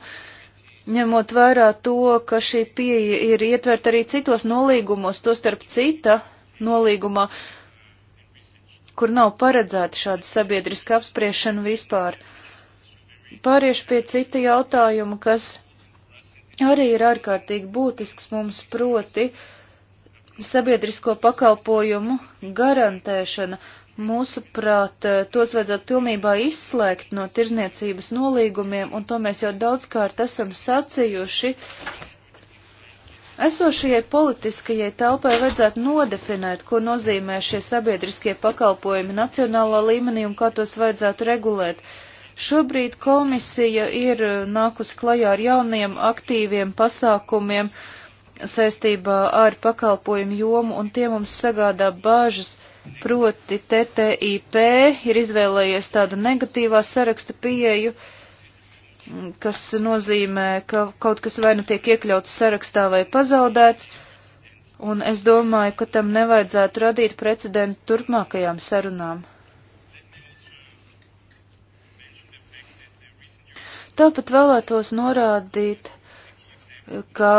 ņemot vērā to, ka šī pieeja ir ietverta arī citos nolīgumos, tostarp cita nolīgumā, uh, kur nav paredzēta šāda sabiedriska apspriešana vispār. Pāriešu pie cita jautājuma, kas arī ir ārkārtīgi būtisks mums proti sabiedrisko pakalpojumu garantēšana. Mūsuprāt, eh, tos vajadzētu pilnībā izslēgt no tirzniecības nolīgumiem, un to mēs jau daudzkārt esam sacījuši, Esošajai politiskajai telpai vajadzētu nodefinēt, ko nozīmē šie sabiedriskie pakalpojumi nacionālā līmenī un kā tos vajadzētu regulēt. Šobrīd komisija ir eh, nākus klajā ar jauniem aktīviem pasākumiem saistībā ar pakalpojumu jomu, un tie mums sagādā bāžas, proti TTIP ir izvēlējies tādu negatīvā saraksta pieeju, uh, kas nozīmē, ka kaut kas vai nu tiek iekļauts sarakstā vai pazaudēts, un es domāju, ka tam nevajadzētu radīt precedentu turpmākajām sarunām. Tāpat vēlētos norādīt, ka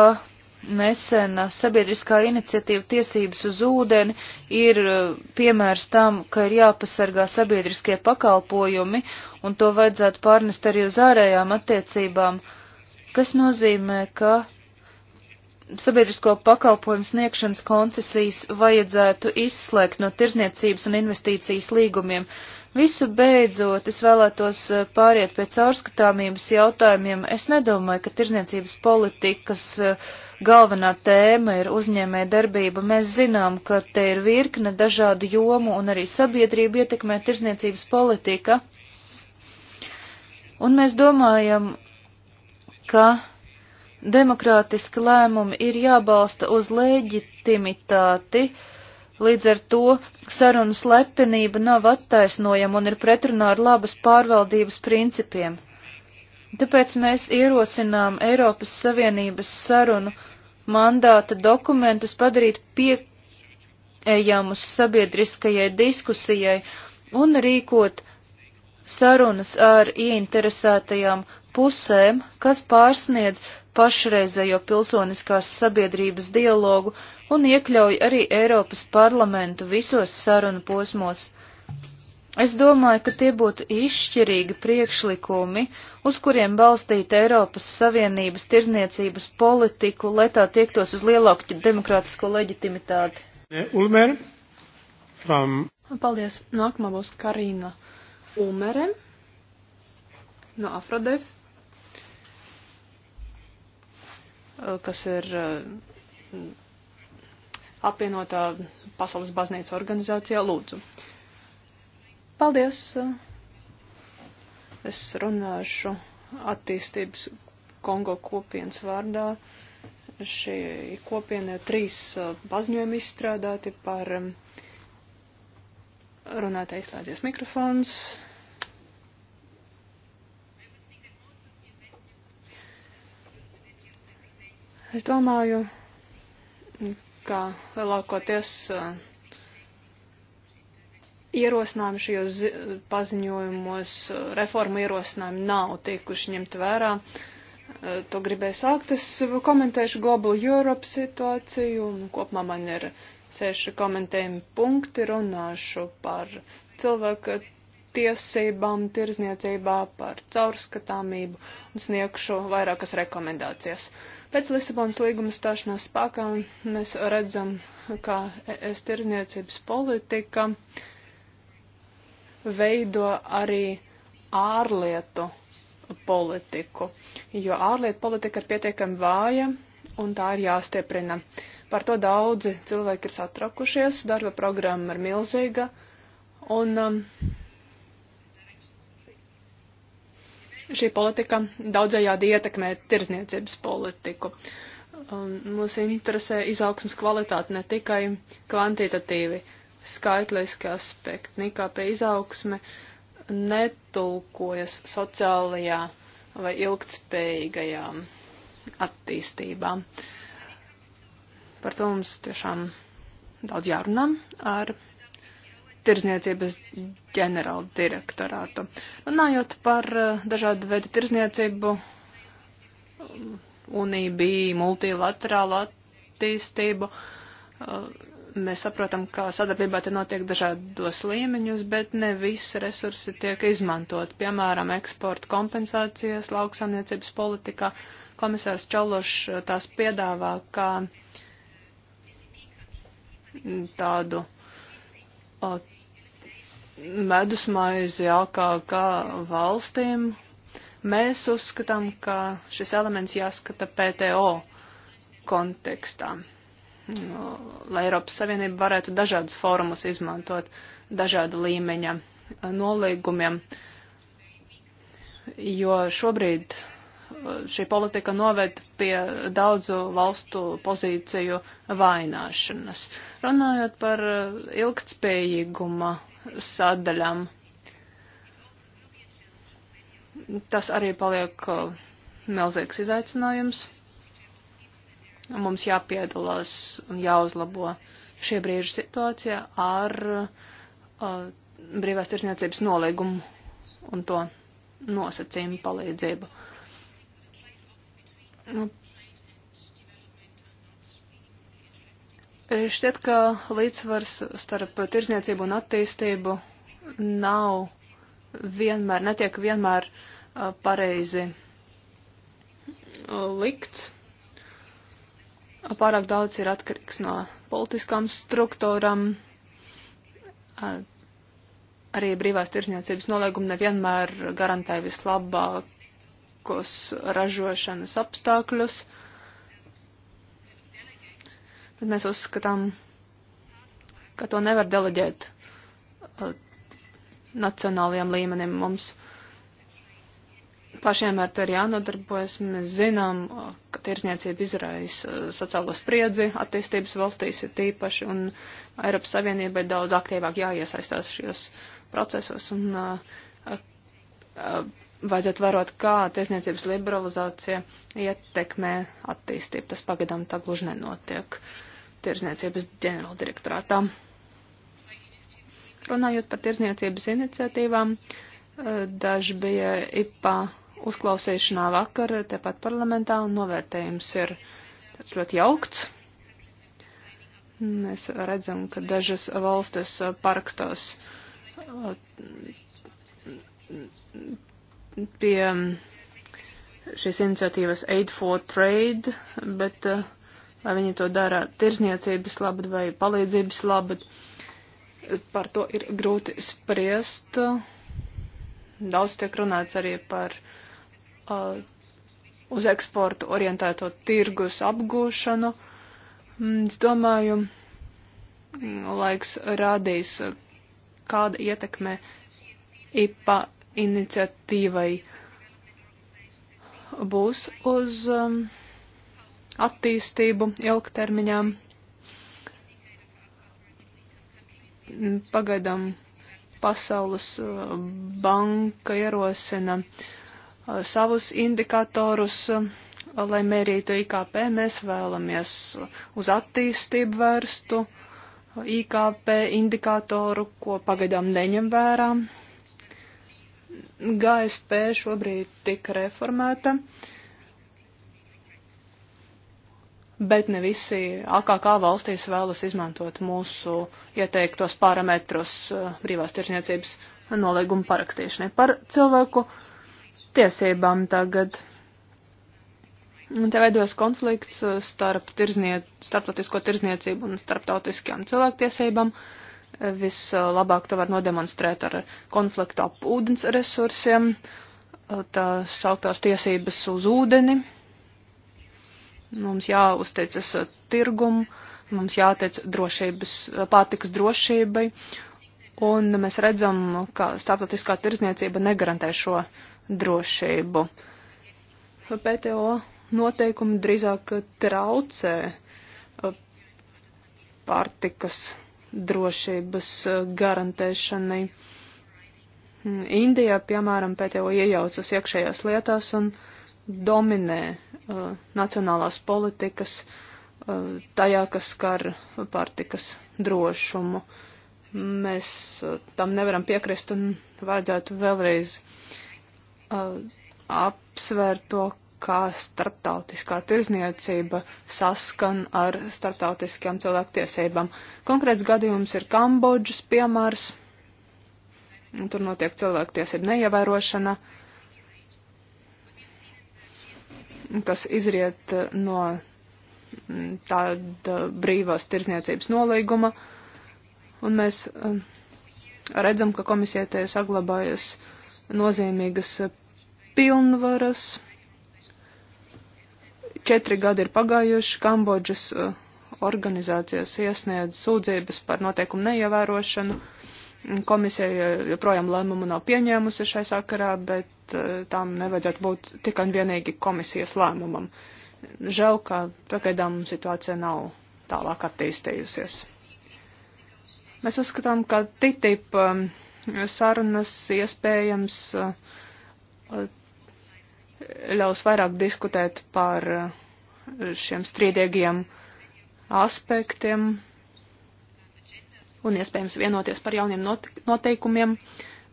nesena sabiedriskā iniciatīva tiesības uz ūdeni ir eh, piemērs tam, ka ir jāpasargā sabiedriskie pakalpojumi, un to vajadzētu pārnest arī uz ārējām attiecībām, kas nozīmē, ka sabiedrisko pakalpojumu sniegšanas koncesijas vajadzētu izslēgt no tirzniecības un investīcijas līgumiem. Visu beidzot, es vēlētos eh, pāriet pie caurskatāmības jautājumiem. Es nedomāju, ka tirzniecības politikas uh, galvenā tēma ir uzņēmē darbība. Mēs zinām, ka te ir virkne dažādu jomu un arī sabiedrība ietekmē tirzniecības politika. Un mēs domājam, ka demokrātiski lēmumi ir jābalsta uz leģitimitāti, līdz ar to sarunu slepenība nav attaisnojama un ir pretrunā ar labas pārvaldības principiem. Tāpēc mēs ierosinām Eiropas Savienības sarunu mandāta dokumentus padarīt pieejamus sabiedriskajai diskusijai un rīkot sarunas ar ieinteresētajām pusēm, kas pārsniedz pašreizējo pilsoniskās sabiedrības dialogu un iekļauj arī Eiropas parlamentu visos sarunu posmos. Es domāju, ka tie būtu izšķirīgi priekšlikumi, uz kuriem balstīt Eiropas Savienības tirzniecības politiku, lai tā tiektos uz lielāku demokrātisko leģitimitāti. Eh, Ulmer, from... Paldies. Nākamā būs Karina Ulmere no Afrodev, eh, kas ir eh, apvienotā pasaules baznīca organizācijā Lūdzu. Paldies! Es runāšu attīstības Kongo kopienas vārdā. Šī kopiena ir trīs paziņojumi izstrādāti par runātā izslēdzies mikrofons. Es domāju, ka lielākoties uh, ierosinājumi šajos paziņojumos, eh, reforma ierosinājumi nav tikuši ņemt vērā. Eh, to gribēju sākt. Es komentēšu Global Europe situāciju. Kopumā man ir seši komentējumi punkti. Runāšu par cilvēku tiesībām, tirzniecībā, par caurskatāmību un sniegšu vairākas rekomendācijas. Pēc Lisabonas līguma stāšanās spēkā mēs redzam, ka es tirzniecības politika veido arī ārlietu politiku, jo ārlietu politika ir pietiekami vāja un tā ir jāstieprina. Par to daudzi cilvēki ir satraukušies, darba programma ir milzīga un um, šī politika daudzējādi ietekmē tirzniecības politiku. Um, mūs interesē izaugsmas kvalitāte ne tikai kvantitatīvi. Uh, skaitliski aspekti. Nikāpē izaugsme netulkojas sociālajā vai ilgtspējīgajā attīstībā. Par to mums tiešām daudz jārunā ar tirzniecības ģenerālu direktorātu. Runājot par eh, dažādu veidu tirzniecību, um, UNIBI multilaterālu attīstību, uh, Mēs saprotam, ka sadarbībā te notiek dažādos līmeņos, bet ne visi resursi tiek izmantot. Piemēram, eksporta kompensācijas lauksaimniecības politikā. Komisārs Čalošs eh, tās piedāvā kā tādu o, medus maizi jākākā valstīm. Mēs uzskatām, ka šis elements jāskata PTO kontekstā. Nu, lai Eiropas Savienība varētu dažādus fórumus izmantot dažāda līmeņa eh, nolīgumiem, jo šobrīd eh, šī politika noved pie daudzu valstu pozīciju vaināšanas. Runājot par eh, ilgtspējīguma sadaļām, tas arī paliek milzīgs izaicinājums. Mums jāpiedalās un jāuzlabo šī brīža situācija ar uh, brīvās tirsniecības nolīgumu un to nosacījumu palīdzību. Nu, šķiet, ka līdzsvars starp tirsniecību un attīstību nav vienmēr, netiek vienmēr uh, pareizi uh, likts pārāk daudz ir atkarīgs no politiskām struktūram. Arī brīvās tirsniecības nolēgumi nevienmēr garantē vislabākos ražošanas apstākļus. Bet mēs uzskatām, ka to nevar deleģēt nacionālajiem līmenim. Mums Pašiem ar to ir jānodarbojas. Mēs zinām, ka tirzniecība izraisa sociālo spriedzi attīstības valstīs ir tīpaši, un Eiropas Savienībai daudz aktīvāk jāiesaistās šajos procesos, un uh, uh, vajadzētu vērot, kā tirzniecības liberalizācija ietekmē attīstību. Tas pagadām tā gluži nenotiek tirzniecības ģenerāldirektorātā. Runājot par tirzniecības iniciatīvām, daži bija IPA uzklausīšanā vakar tepat parlamentā, un novērtējums ir tāds ļoti jaukts. Mēs redzam, ka dažas valstis parakstās uh, pie šīs iniciatīvas Aid for Trade, bet uh, vai viņi to dara tirzniecības labad vai palīdzības labad, par to ir grūti spriest. Daudz tiek runāts arī par uh, Uh, uz eksportu orientēto tirgus apgūšanu. Mm, es domāju, laiks rādīs, kāda ietekme IPA iniciatīvai būs uz um, attīstību ilgtermiņā. Pagaidām Pasaules uh, banka ierosina uh, Uh, savus indikatorus, uh, lai mērītu IKP. Mēs vēlamies uz attīstību vērstu uh, IKP indikatoru, ko pagaidām neņem vērā. GSP šobrīd tika reformēta, bet ne visi AKK valstīs vēlas izmantot mūsu ieteiktos parametrus brīvās tirsniecības nolīguma parakstīšanai par cilvēku uh, tiesībām tagad. Un te veidos konflikts uh, starp tirzniec, starptautisko tirzniecību un starptautiskajām cilvēktiesībām. Uh, vislabāk to var nodemonstrēt ar konfliktu ap ūdens resursiem, uh, tā sauktās tiesības uz ūdeni. Mums jāuzticas tirgumu, mums jātiec drošības, pārtikas drošībai, un mēs redzam, ka starptautiskā tirzniecība negarantē šo drošību. PTO noteikumi drīzāk traucē uh, pārtikas drošības uh, garantēšanai. Hmm, Indijā, piemēram, PTO iejaucas iekšējās lietās un dominē uh, nacionālās politikas uh, tajā, kas skar pārtikas drošumu. Mēs uh, tam nevaram piekrist un vajadzētu vēlreiz uh, uh, apsver to, kā starptautiskā tirzniecība saskan ar starptautiskajām cilvēktiesībām. Konkrēts gadījums ir Kambodžas piemērs. Tur notiek cilvēktiesība neievērošana, kas izriet uh, no mm, tāda brīvās tirzniecības nolīguma. Un mēs uh, redzam, ka komisija te saglabājas uh, nozīmīgas eh, pilnvaras. Četri gadi ir pagājuši, Kambodžas eh, organizācijas iesniedz sūdzības par noteikumu neievērošanu. Komisija joprojām lēmumu nav pieņēmusi šai sakarā, bet eh, tām nevajadzētu būt tikai un vienīgi komisijas lēmumam. Žēl, ka pagaidām situācija nav tālāk attīstījusies. Mēs uzskatām, ka TTIP um, sarunas iespējams eh, ļaus vairāk diskutēt par eh, šiem strīdīgiem aspektiem un iespējams vienoties par jauniem noteikumiem.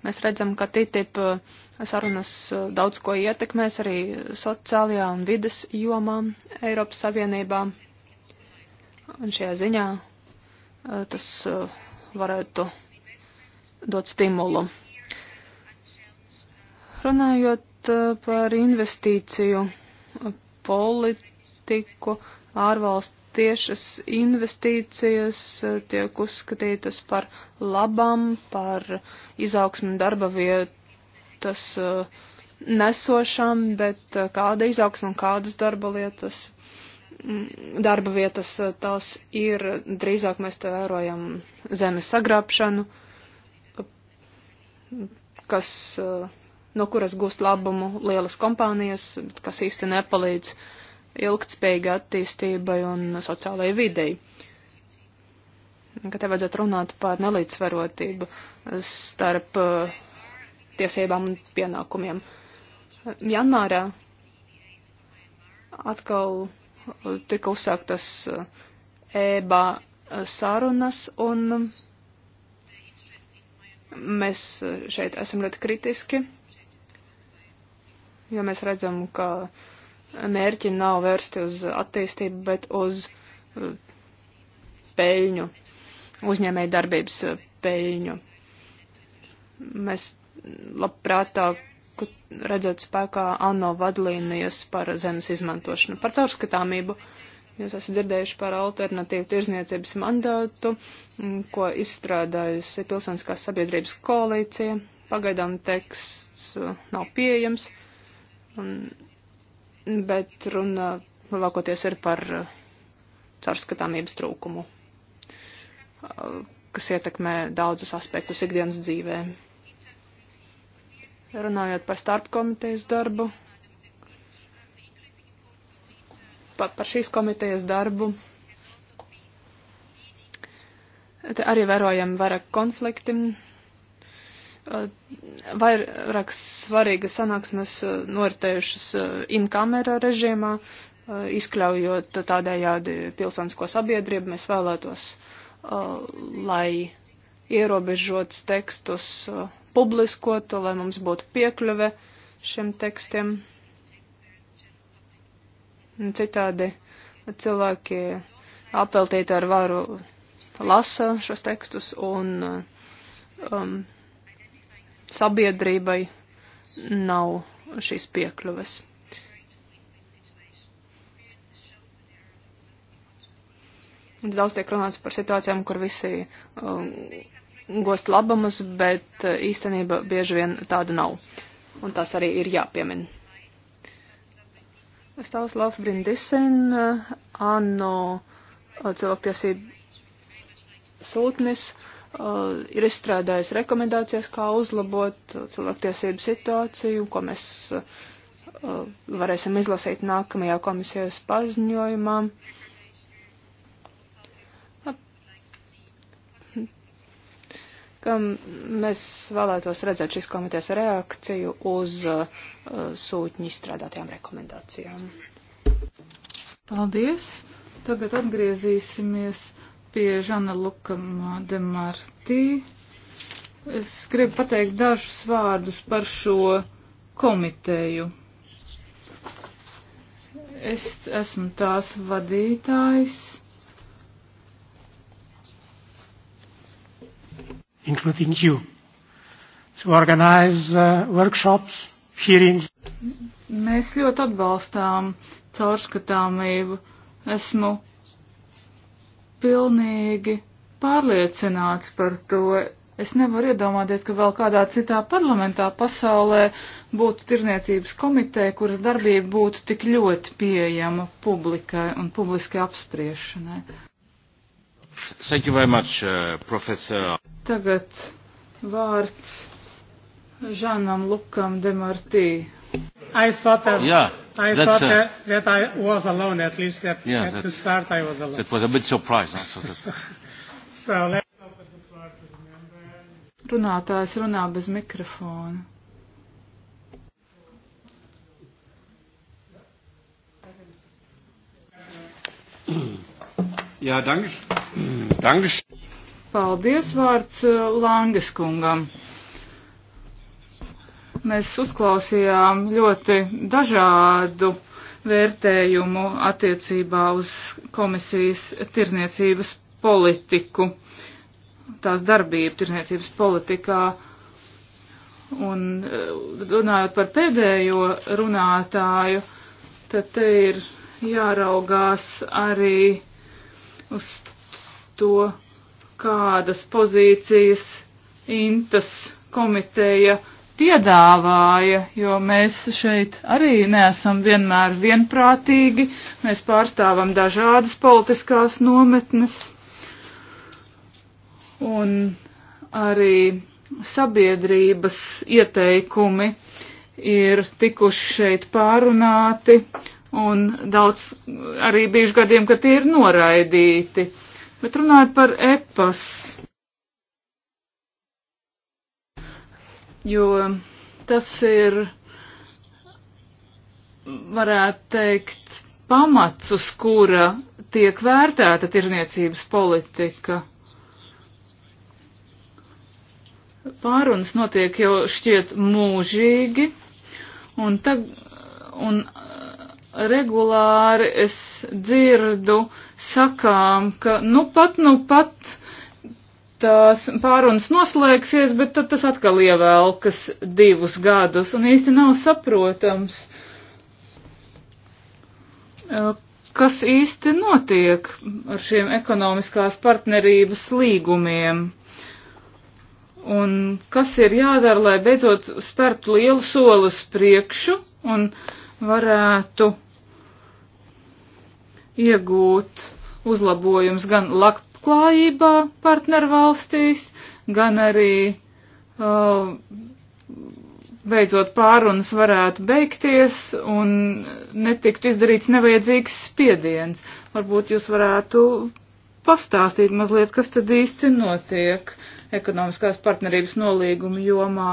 Mēs redzam, ka TTIP eh, sarunas daudz ko ietekmēs arī sociālajā un vides jomā Eiropas Savienībā. Un šajā ziņā tas varētu dot stimulu. Runājot uh, par investīciju politiku, ārvalstu tiešas investīcijas uh, tiek uzskatītas par labam, par izaugsmu darba vietas uh, nesošam, bet kāda izaugsma un kādas darba lietas, mm, darba vietas tās ir, drīzāk mēs te vērojam zemes sagrābšanu, uh, kas, no kuras gūst labumu lielas kompānijas, kas īsti nepalīdz ilgtspējīgai attīstībai un sociālajai videi. Ka te vajadzētu runāt par nelīdzsvarotību starp tiesībām un pienākumiem. Janmārā atkal tika uzsāktas EBA sarunas un Mēs eh, šeit esam ļoti kritiski, jo mēs redzam, ka mērķi nav vērsti uz attīstību, bet uz eh, peļņu, uzņēmēju darbības eh, peļņu. Mēs labprātāk redzētu spēkā ANO vadlīnijas par zemes izmantošanu, par caurskatāmību. Uh, Jūs esat dzirdējuši par alternatīvu tirzniecības mandātu, mm, ko izstrādājusi Pilsoniskās sabiedrības koalīcija. Pagaidām teksts uh, nav pieejams, bet runa lielākoties ir par uh, caurskatāmības trūkumu, uh, kas ietekmē daudzus aspektus ikdienas dzīvē. Runājot par starpkomitejas darbu pa, par šīs komitejas darbu. Te arī vērojam vairāk konflikti, vairāk svarīgas sanāksmes noritējušas in-kamera režīmā, izkļaujot tādējādi pilsonisko sabiedrību. Mēs vēlētos, lai ierobežots tekstus publiskotu, lai mums būtu piekļuve šiem tekstiem. Citādi cilvēki apeltīti ar varu lasa šos tekstus un um, sabiedrībai nav šīs piekļuves. Daudz tiek runāts par situācijām, kur visi um, gost labumus, bet uh, īstenība bieži vien tāda nav. Un tas arī ir jāpiemina. Stauslav Brindisen, ANO eh, cilvēktiesību sūtnis, eh, ir izstrādājis rekomendācijas, kā uzlabot eh, cilvēktiesību situāciju, ko mēs varēsim izlasīt nākamajā komisijas paziņojumā. Uh, ka mēs vēlētos redzēt šīs komitejas reakciju uz uh, sūtņi izstrādātajām rekomendācijām. Paldies! Tagad atgriezīsimies pie Žana Luka Demartī. Es gribu pateikt dažus vārdus par šo komiteju. Es esmu tās vadītājs including you, to organize uh, workshops, hearings. Mēs ļoti atbalstām caurskatāmību. Esmu pilnīgi pārliecināts par to. Es nevaru iedomāties, ka vēl kādā citā parlamentā pasaulē būtu tirniecības komiteja, kuras darbība būtu tik ļoti pieejama publikai un publiskai apspriešanai. Thank you very much, uh, professor. Tagad vārds Žanam Lukam Demartī. I thought that, yeah, I thought uh, that, that I was alone, at least at, yeah, at the start I was alone. That was a bit surprising. So, that's... so let's open the floor to the member. Runātājs runā bez mikrofona. Mm. Jā, dangiš. dangiš. Paldies vārds eh, Langas kungam. Mēs uzklausījām ļoti dažādu vērtējumu attiecībā uz komisijas tirzniecības politiku, tās darbību tirzniecības politikā. Un eh, runājot par pēdējo runātāju, tad te ir jāraugās arī uz to, kādas pozīcijas Intas komiteja piedāvāja, jo mēs šeit arī neesam vienmēr vienprātīgi, mēs pārstāvam dažādas politiskās nometnes un arī sabiedrības ieteikumi ir tikuši šeit pārunāti un daudz arī bijuši gadiem, ka tie ir noraidīti. Bet runājot par epas, jo tas ir, varētu teikt, pamats, uz kura tiek vērtēta tirzniecības politika. Pārunas notiek jau šķiet mūžīgi, un, tag, un regulāri es dzirdu sakām, ka nu pat, nu pat tās pārunas noslēgsies, bet tad tas atkal ievēlkas divus gadus un īsti nav saprotams, kas īsti notiek ar šiem ekonomiskās partnerības līgumiem. Un kas ir jādara, lai beidzot spērtu lielu soli uz priekšu un varētu iegūt uzlabojums gan labklājībā partnervalstīs, gan arī uh, beidzot pārunas varētu beigties un netiktu izdarīts nevajadzīgs spiediens. Varbūt jūs varētu pastāstīt mazliet, kas tad īsti notiek ekonomiskās partnerības nolīguma jomā.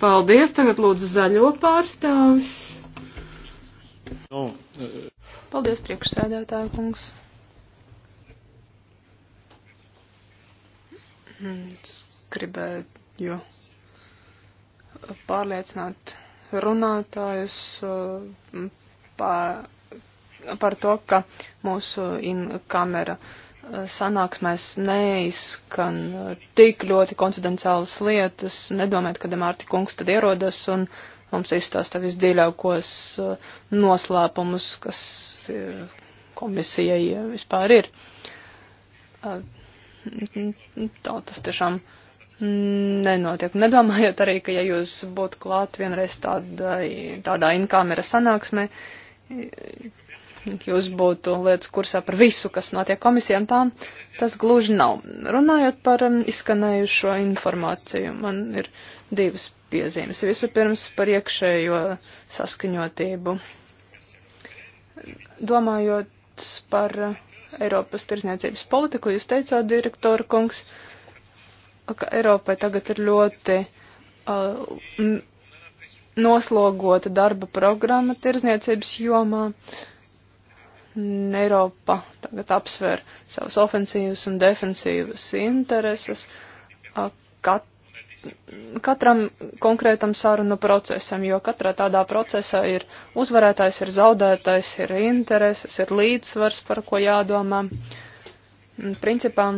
Paldies, tagad lūdzu zaļo pārstāvis. No, nu, uh, eh, Paldies, priekšsēdētāja kungs. Es gribēju pārliecināt runātājus uh, par, par to, ka mūsu kamera uh, sanāksmēs neizskan uh, tik ļoti konfidenciālas lietas. Nedomājiet, ka Demārti kungs tad ierodas un uh, mums izstāsta visdziļākos eh, noslēpumus, kas komisijai vispār ir. Eh, tā tas tiešām nenotiek. Nedomājot arī, ka ja jūs būtu klāt vienreiz tādai, tādā inkamera sanāksmē, jūs būtu lietas kursā par visu, kas notiek komisijām, tā tas gluži nav. Runājot par um, izskanējušo informāciju, man ir divas piezīmes. Vispirms par iekšējo saskaņotību. Domājot par Eiropas tirsniecības politiku, jūs teicāt, direktora kungs, ka Eiropai tagad ir ļoti uh, noslogota darba programma tirsniecības jomā. Eiropa tagad apsver savas ofensīvas un defensīvas intereses. Uh, kat katram konkrētam sarunu procesam, jo katrā tādā procesā ir uzvarētājs, ir zaudētājs, ir intereses, ir līdzsvars, par ko jādomā. Principā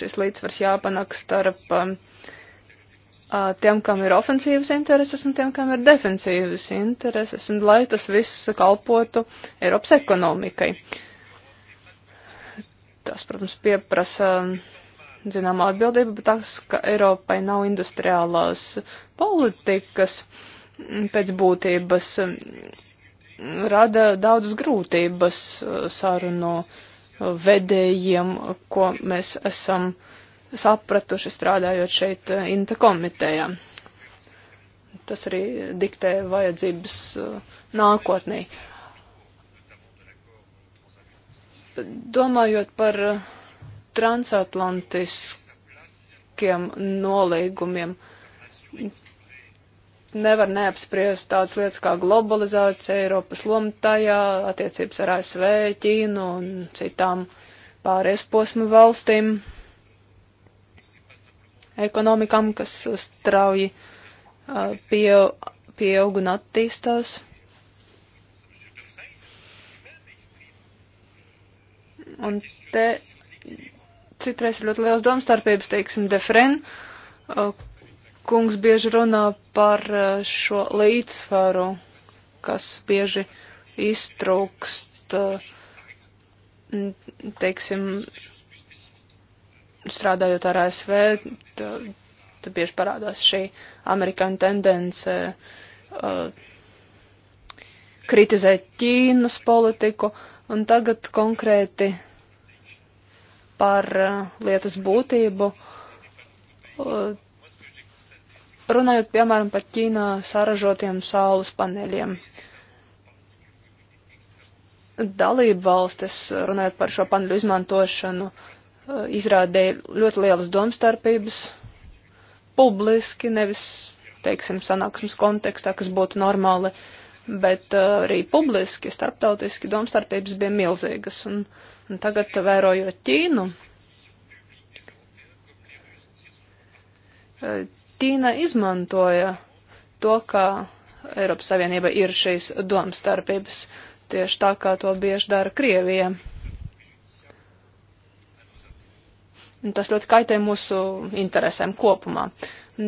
šis līdzsvars jāpanāk starp uh, tiem, kam ir ofensīvas intereses un tiem, kam ir defensīvas intereses, un lai tas viss kalpotu Eiropas ekonomikai. Tas, protams, pieprasa. Uh, zināmā atbildība, bet tas, ka Eiropai nav industriālās politikas pēc būtības, rada daudzas grūtības sarunu vedējiem, ko mēs esam sapratuši strādājot šeit Inta komitejā. Tas arī diktē vajadzības nākotnē. Domājot par uh, transatlantiskiem nolīgumiem. Nevar neapspriest tādas lietas kā globalizācija, Eiropas loma tajā, attiecības ar ASV, Ķīnu un citām pārējais posmu valstīm, ekonomikām, kas strauji pieaug pie un attīstās. Un te citreiz ir ļoti liels domstarpības, teiksim, Defren. Uh, kungs bieži runā par uh, šo līdzsvaru, kas bieži iztrūkst, uh, teiksim, strādājot ar ASV, tad bieži parādās šī amerikāņu tendence kritizēt Ķīnas politiku, un tagad konkrēti par eh, lietas būtību. Eh, runājot, piemēram, par Ķīnā saražotiem saules paneļiem. Dalība valstis, runājot par šo paneļu izmantošanu, eh, izrādīja ļoti lielas domstarpības publiski, nevis, teiksim, sanāksmes kontekstā, kas būtu normāli, bet arī publiski, starptautiski domstarpības bija milzīgas. Un, uh, Un tagad, vērojot Ķīnu, eh, Ķīna izmantoja to, ka Eiropas Savienība ir šīs domstarpības, tieši tā kā to bieži dara Krievija. Un tas ļoti kaitē mūsu interesēm kopumā.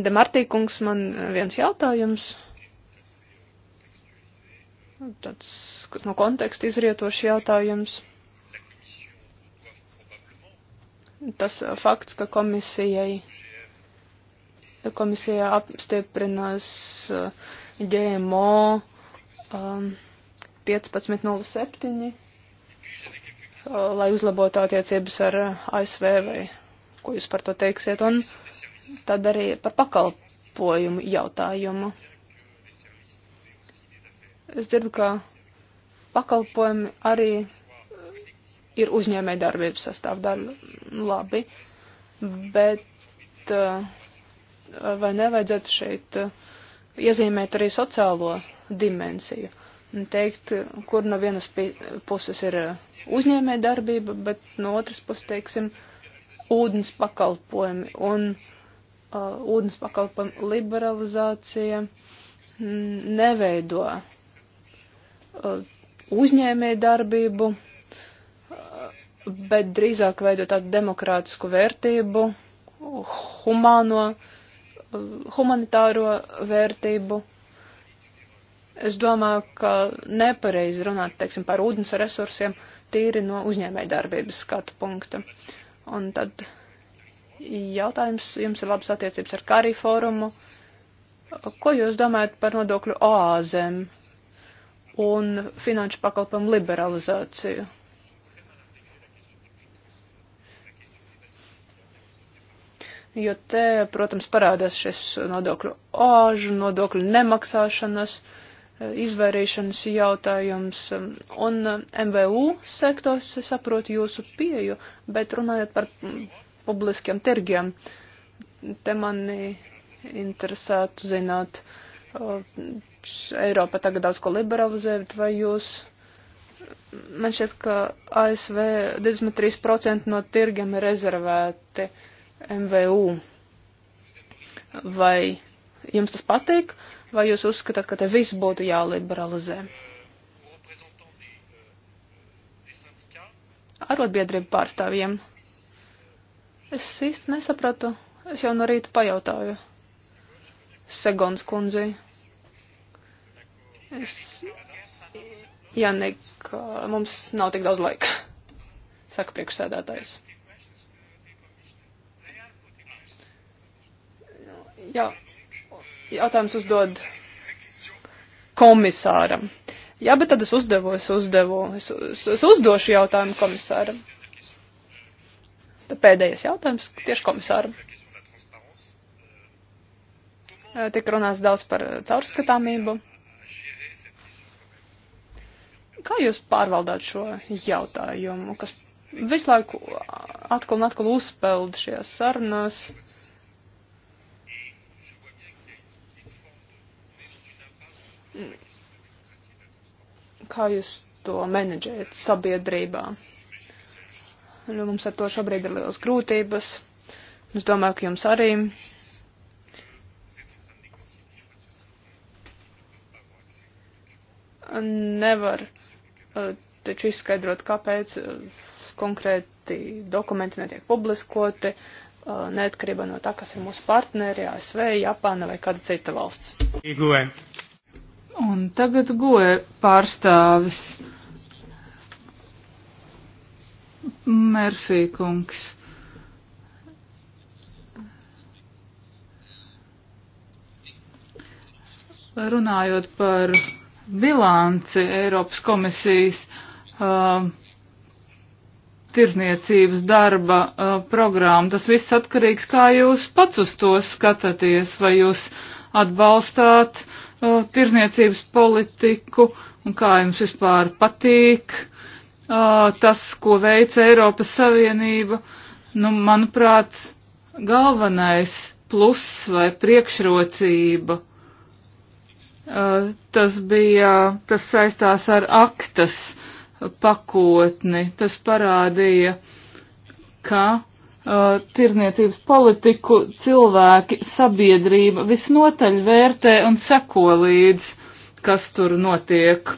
Demartīkungs man viens jautājums, tāds no konteksta izrietošs jautājums. tas fakts, ka komisijai, komisija apstiprinās uh, GMO um, 15.07, uh, lai uzlabotu attiecības ar uh, ASV vai ko jūs par to teiksiet, un tad arī par pakalpojumu jautājumu. Es dzirdu, ka pakalpojumi arī ir uzņēmē darbības sastāvdaļa. Labi. Bet eh, vai nevajadzētu šeit eh, iezīmēt arī sociālo dimensiju? Teikt, kur no vienas puses ir eh, uzņēmē darbība, bet no otras puses, teiksim, ūdens pakalpojumi un uh, ūdens pakalpojumu liberalizācija mm, neveido uh, uzņēmē darbību, bet drīzāk veidot tādu demokrātisku vērtību, humāno, humanitāro vērtību. Es domāju, ka nepareizi runāt, teiksim, par ūdens resursiem tīri no uzņēmēja darbības skatu punkta. Un tad jautājums, jums ir labas attiecības ar Karī fórumu. Ko jūs domājat par nodokļu oāzēm un finanšu pakalpojumu liberalizāciju? jo te, protams, parādās šis nodokļu āžu, nodokļu nemaksāšanas, eh, izvairīšanas jautājums. Un eh, MVU sektors, es saprotu jūsu pieju, bet runājot par mm, publiskiem tirgiem, te mani interesētu zināt, eh, Eiropa tagad daudz ko liberalizē, bet vai jūs man šķiet, ka ASV 23% no tirgiem ir rezervēti MVU. Vai jums tas patīk, vai jūs uzskatāt, ka te viss būtu jāliberalizē? Arotbiedrību pārstāvjiem. Es īsti nesapratu. Es jau no rīta pajautāju. Segons kundzei. Es... Jā, nekā mums nav tik daudz laika, saka priekšsēdētājs. Jā, jautājums uzdod komisāram. Jā, bet tad es uzdevu, es uzdevu, es, es, es uzdošu jautājumu komisāram. Tad pēdējais jautājums tieši komisāram. Tik runāts daudz par caurskatāmību. Kā jūs pārvaldāt šo jautājumu, kas visu laiku atkal un atkal uzpeld šajās sarunās? Kā jūs to menedžēt sabiedrībā? Nu, mums ar to šobrīd ir liels grūtības. Nu, es domāju, ka jums arī. Nevar uh, taču izskaidrot, kāpēc uh, konkrēti dokumenti netiek publiskoti, uh, neatkarībā no tā, kas ir mūsu partneri, ASV, Japāna vai kāda cita valsts. Iguvē. Un tagad goja pārstāvis Merfī kungs. Runājot par bilanci Eiropas komisijas uh, tirzniecības darba uh, programmu, tas viss atkarīgs, kā jūs pats uz to skatāties, vai jūs atbalstāt uh, uh, tirzniecības politiku un kā jums vispār patīk uh, tas, ko veic Eiropas Savienība. Nu, manuprāt, galvenais pluss vai priekšrocība. Uh, tas bija, tas saistās ar aktas pakotni. Tas parādīja, ka uh, tirzniecības politiku cilvēki, sabiedrība visnotaļ vērtē un seko līdz, kas tur notiek.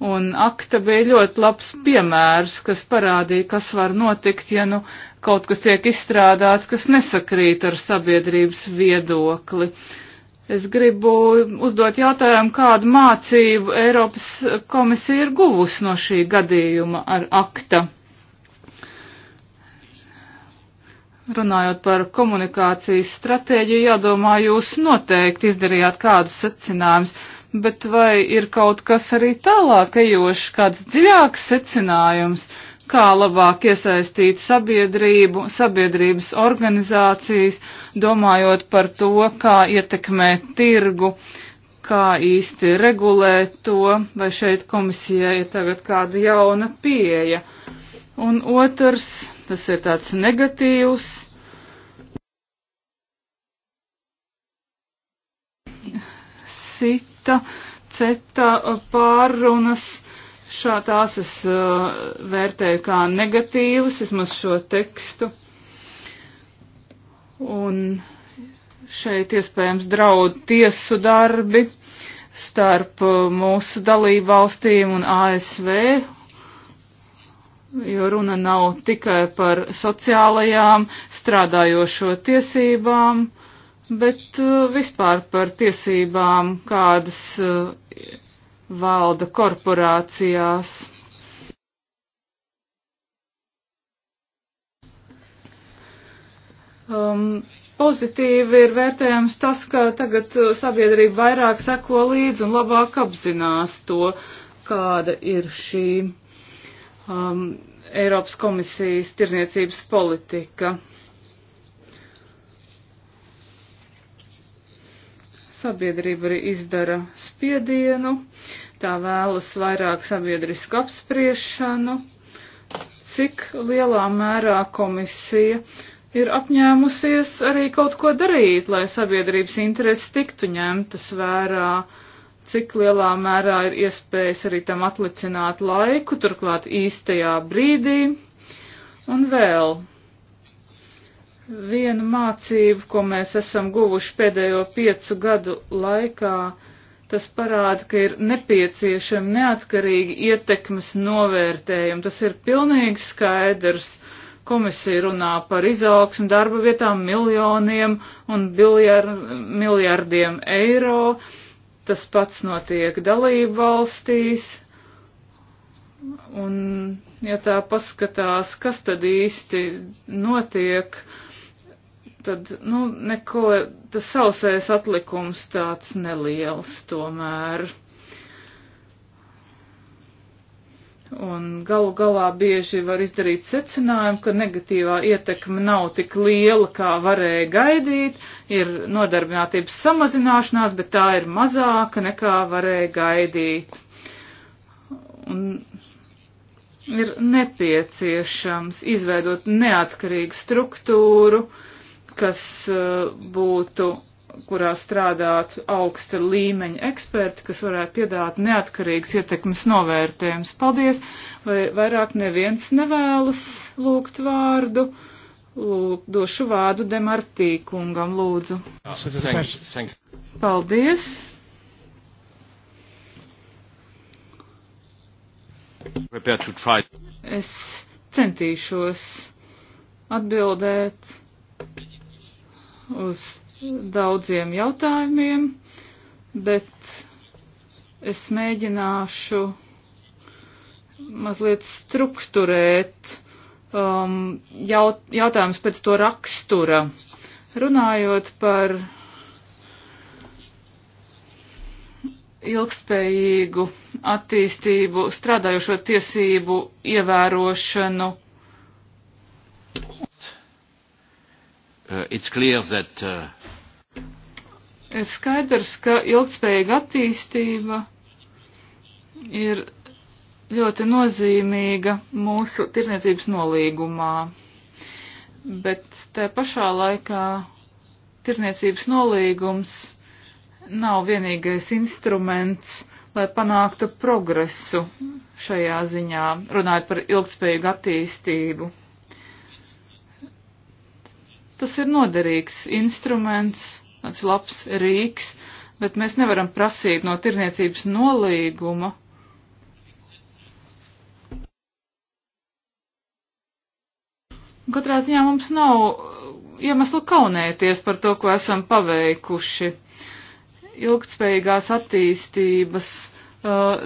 Un akta bija ļoti labs piemērs, kas parādīja, kas var notikt, ja nu kaut kas tiek izstrādāts, kas nesakrīt ar sabiedrības viedokli. Es gribu uzdot jautājumu, kādu mācību Eiropas komisija ir guvusi no šī gadījuma ar akta. Runājot par komunikācijas stratēģiju, jādomā, jūs noteikti izdarījāt kādus secinājumus, bet vai ir kaut kas arī tālāk ejošs, kāds dziļāks secinājums, kā labāk iesaistīt sabiedrību, sabiedrības organizācijas, domājot par to, kā ietekmēt tirgu, kā īsti regulēt to, vai šeit komisijai ir tagad kāda jauna pieeja. Un otrs, tas ir tāds negatīvs. Sita, ceta uh, pārunas. Šā tās es uh, vērtēju kā negatīvas, vismaz šo tekstu. Un šeit iespējams draud tiesu darbi starp uh, mūsu dalību valstīm un ASV, jo runa nav tikai par sociālajām strādājošo tiesībām, bet uh, vispār par tiesībām, kādas uh, valda korporācijās. Um, pozitīvi ir vērtējams tas, ka tagad uh, sabiedrība vairāk seko līdzi un labāk apzinās to, kāda ir šī um, Eiropas komisijas tirzniecības politika. Sabiedrība arī izdara spiedienu, tā vēlas vairāk sabiedrisku apspriešanu, cik lielā mērā komisija ir apņēmusies arī kaut ko darīt, lai sabiedrības intereses tiktu ņemtas vērā. Uh, cik lielā mērā ir iespējas arī tam atlicināt laiku, turklāt īstajā brīdī. Un vēl viena mācība, ko mēs esam guvuši pēdējo piecu gadu laikā, tas parāda, ka ir nepieciešami neatkarīgi ietekmes novērtējumi. Tas ir pilnīgi skaidrs. Komisija runā par izaugsmu darba vietām miljoniem un biljard, miljardiem eiro Tas pats notiek dalību valstīs. Un, ja tā paskatās, kas tad īsti notiek, tad, nu, neko, tas sausais atlikums tāds neliels tomēr. Un galu galā bieži var izdarīt secinājumu, ka negatīvā ietekme nav tik liela, kā varēja gaidīt, ir nodarbinātības samazināšanās, bet tā ir mazāka nekā varēja gaidīt. Un ir nepieciešams izveidot neatkarīgu struktūru, kas eh, būtu kurā strādātu augsta līmeņa eksperti, kas varētu piedāvāt neatkarīgus ietekmes novērtējumus. Paldies! Vai vairāk neviens nevēlas lūgt vārdu? Lūk, došu vārdu Demartī kungam, lūdzu. Ah, Paldies! Es centīšos atbildēt uz daudziem jautājumiem, bet es mēģināšu mazliet strukturēt um, jaut, jautājums pēc to rakstura. Runājot par ilgspējīgu attīstību, strādājošo tiesību ievērošanu. Uh, it's clear that uh, ir skaidrs, ka ilgspējīga attīstība ir ļoti nozīmīga mūsu tirniecības nolīgumā, bet tā pašā laikā tirniecības nolīgums nav vienīgais instruments, lai panāktu progresu šajā ziņā, runājot par ilgspējīgu attīstību. Tas ir noderīgs instruments tāds labs rīks, bet mēs nevaram prasīt no tirniecības nolīguma. Katrā ziņā mums nav iemesla kaunēties par to, ko esam paveikuši. Ilgtspējīgās attīstības uh,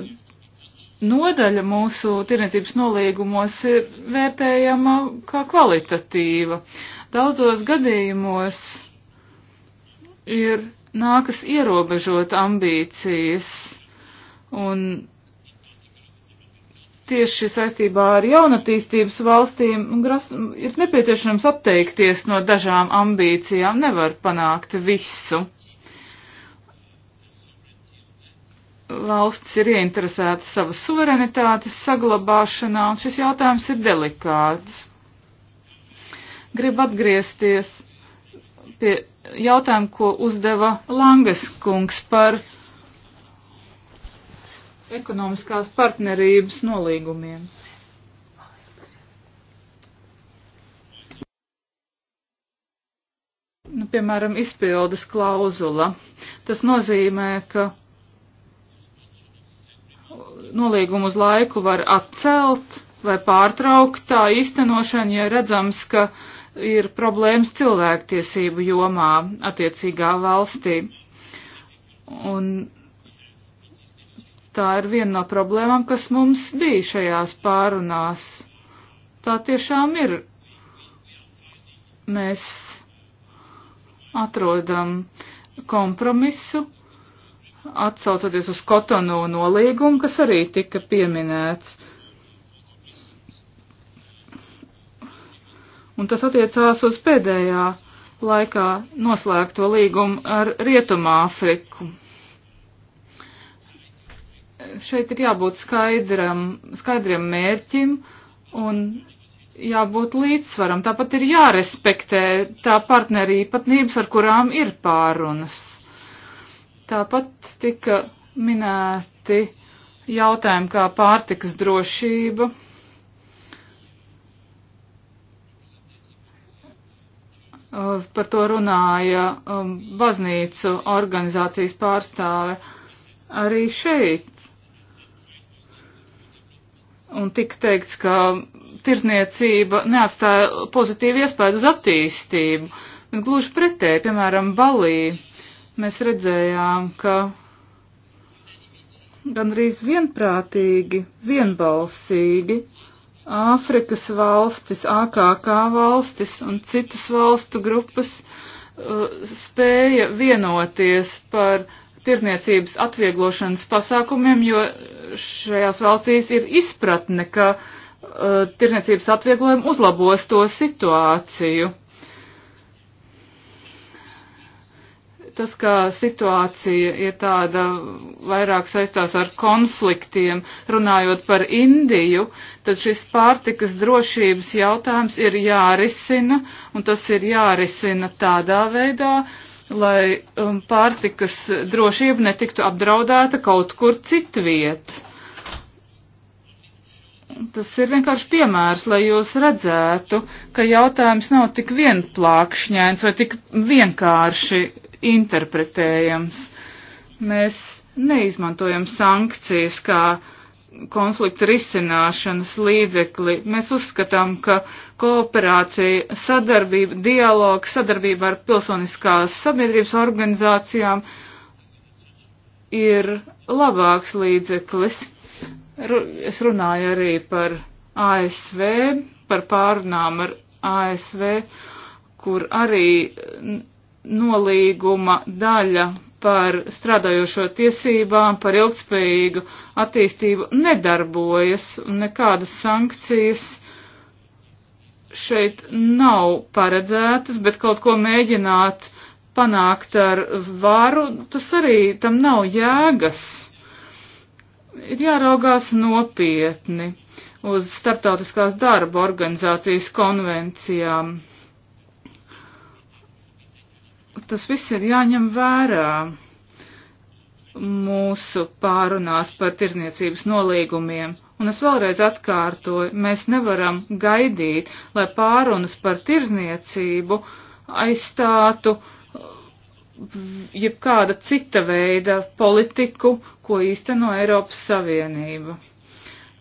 nodaļa mūsu tirniecības nolīgumos ir vērtējama kā kvalitatīva. Daudzos gadījumos ir nākas ierobežot ambīcijas un tieši saistībā ar jaunatīstības valstīm gras, ir nepieciešams atteikties no dažām ambīcijām, nevar panākt visu. Valsts ir ieinteresēta savas suverenitātes saglabāšanā, un šis jautājums ir delikāts. Gribu atgriezties pie jautājumu, ko uzdeva Langas kungs par ekonomiskās partnerības nolīgumiem. Nu, piemēram, izpildes klauzula. Tas nozīmē, ka nolīgumu uz laiku var atcelt vai pārtraukt tā īstenošanu, ja redzams, ka ir problēmas cilvēktiesību jomā attiecīgā valstī. Un tā ir viena no problēmām, kas mums bija šajās pārunās. Tā tiešām ir. Mēs atrodam kompromisu, atsaucoties uz Kotonu nolīgumu, kas arī tika pieminēts. un tas attiecās uz pēdējā laikā noslēgto līgumu ar Rietumāfriku. Šeit ir jābūt skaidram, skaidram mērķim un jābūt līdzsvaram. Tāpat ir jārespektē tā partneri īpatnības, ar kurām ir pārunas. Tāpat tika minēti jautājumi kā pārtikas drošība par to runāja um, baznīcu organizācijas pārstāve. Arī šeit. Un tik teikts, ka tirzniecība neatstāja pozitīvu iespēju uz attīstību, bet gluži pretēji, piemēram, Balī mēs redzējām, ka gandrīz vienprātīgi, vienbalsīgi Āfrikas valstis, AKK valstis un citas valstu grupas uh, spēja vienoties par tirzniecības atvieglošanas pasākumiem, jo šajās valstīs ir izpratne, ka uh, tirzniecības atvieglojumi uzlabos to situāciju. tas, kā situācija ir tāda vairāk saistās ar konfliktiem, runājot par Indiju, tad šis pārtikas drošības jautājums ir jārisina, un tas ir jārisina tādā veidā, lai um, pārtikas drošība netiktu apdraudēta kaut kur citviet. Tas ir vienkārši piemērs, lai jūs redzētu, ka jautājums nav tik vienplākšņains vai tik vienkārši interpretējams. Mēs neizmantojam sankcijas kā konflikta risināšanas līdzekli. Mēs uzskatām, ka kooperācija, sadarbība, dialogs, sadarbība ar pilsoniskās sabiedrības organizācijām ir labāks līdzeklis. Es runāju arī par ASV, par pārunām ar ASV, kur arī nolīguma daļa par strādājošo tiesībām, par ilgspējīgu attīstību nedarbojas un nekādas sankcijas šeit nav paredzētas, bet kaut ko mēģināt panākt ar varu, tas arī tam nav jēgas. Ir jāraugās nopietni uz starptautiskās darba organizācijas konvencijām tas viss ir jāņem vērā mūsu pārunās par tirniecības nolīgumiem. Un es vēlreiz atkārtoju, mēs nevaram gaidīt, lai pārunas par tirzniecību aizstātu jebkāda cita veida politiku, ko īsteno Eiropas Savienība.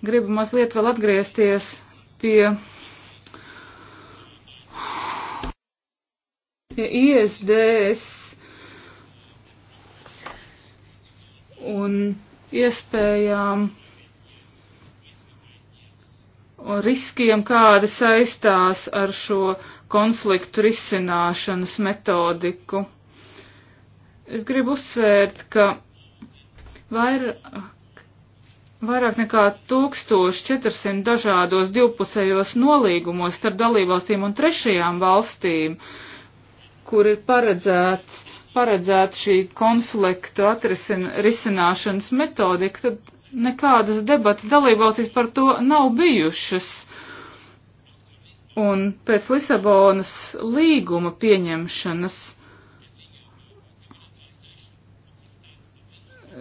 Gribu mazliet vēl atgriezties pie ISDS un iespējām un riskiem, kādi saistās ar šo konfliktu risināšanas metodiku. Es gribu uzsvērt, ka vairāk, vairāk nekā 1400 dažādos divpusējos nolīgumos starp dalībvalstīm un trešajām valstīm kur ir paredzēts, paredzēta šī konfliktu atrisināšanas metodika, tad nekādas debatas dalībvalstīs par to nav bijušas. Un pēc Lisabonas līguma pieņemšanas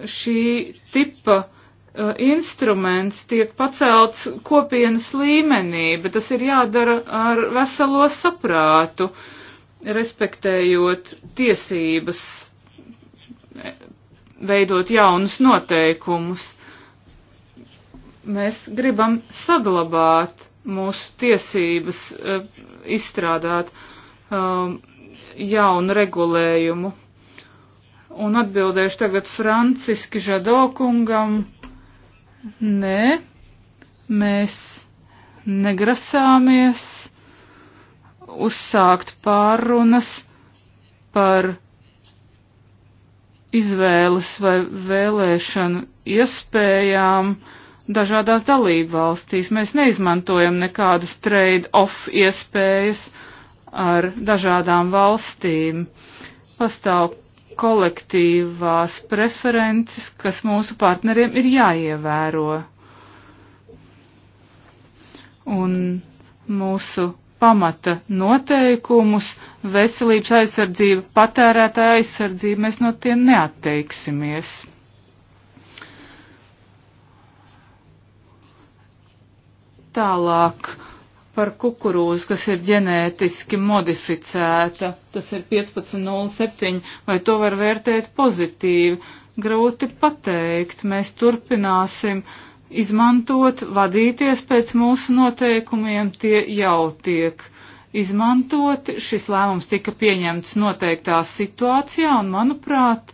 šī tipa uh, instruments tiek pacelts kopienas līmenī, bet tas ir jādara ar veselo saprātu. Uh, respektējot tiesības veidot jaunus noteikumus. Mēs gribam saglabāt mūsu tiesības eh, izstrādāt um, jaunu regulējumu. Un atbildēšu tagad Franciski Žadokungam. Nē, mēs negrasāmies uzsākt pārunas par izvēles vai vēlēšanu iespējām dažādās dalību valstīs. Mēs neizmantojam nekādas trade-off iespējas ar dažādām valstīm. Pastāv kolektīvās preferences, kas mūsu partneriem ir jāievēro. Un mūsu pamata noteikumus, veselības aizsardzība, patērētāja aizsardzība, mēs no tiem neatteiksimies. Tālāk par kukurūzu, kas ir ģenētiski modificēta, tas ir 15.07, vai to var vērtēt pozitīvi? Grūti pateikt, mēs turpināsim uh, izmantot, vadīties pēc mūsu noteikumiem, tie jau tiek izmantoti. Šis lēmums tika pieņemts noteiktā situācijā un, manuprāt,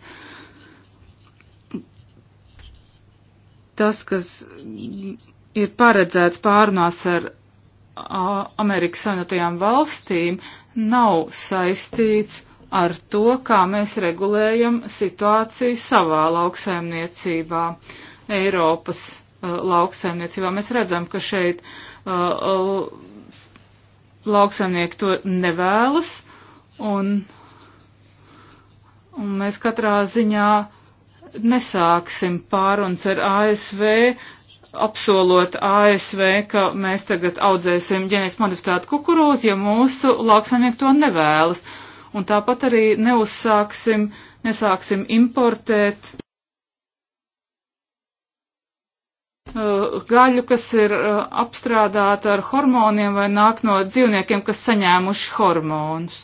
tas, kas ir paredzēts pārunās ar Amerikas Savienotajām valstīm, nav saistīts ar to, kā mēs regulējam situāciju savā lauksaimniecībā Eiropas Uh, lauksaimniecībā. Mēs redzam, ka šeit uh, lauksaimnieki to nevēlas, un, un mēs katrā ziņā nesāksim pārunas ar ASV, apsolot ASV, ka mēs tagad audzēsim ģenētiski modificētu kukurūzu, ja mūsu lauksaimnieki to nevēlas. Un tāpat arī neuzsāksim, nesāksim importēt. Uh, gaļu, kas ir uh, apstrādāta ar hormoniem vai nāk no dzīvniekiem, kas saņēmuši hormonus.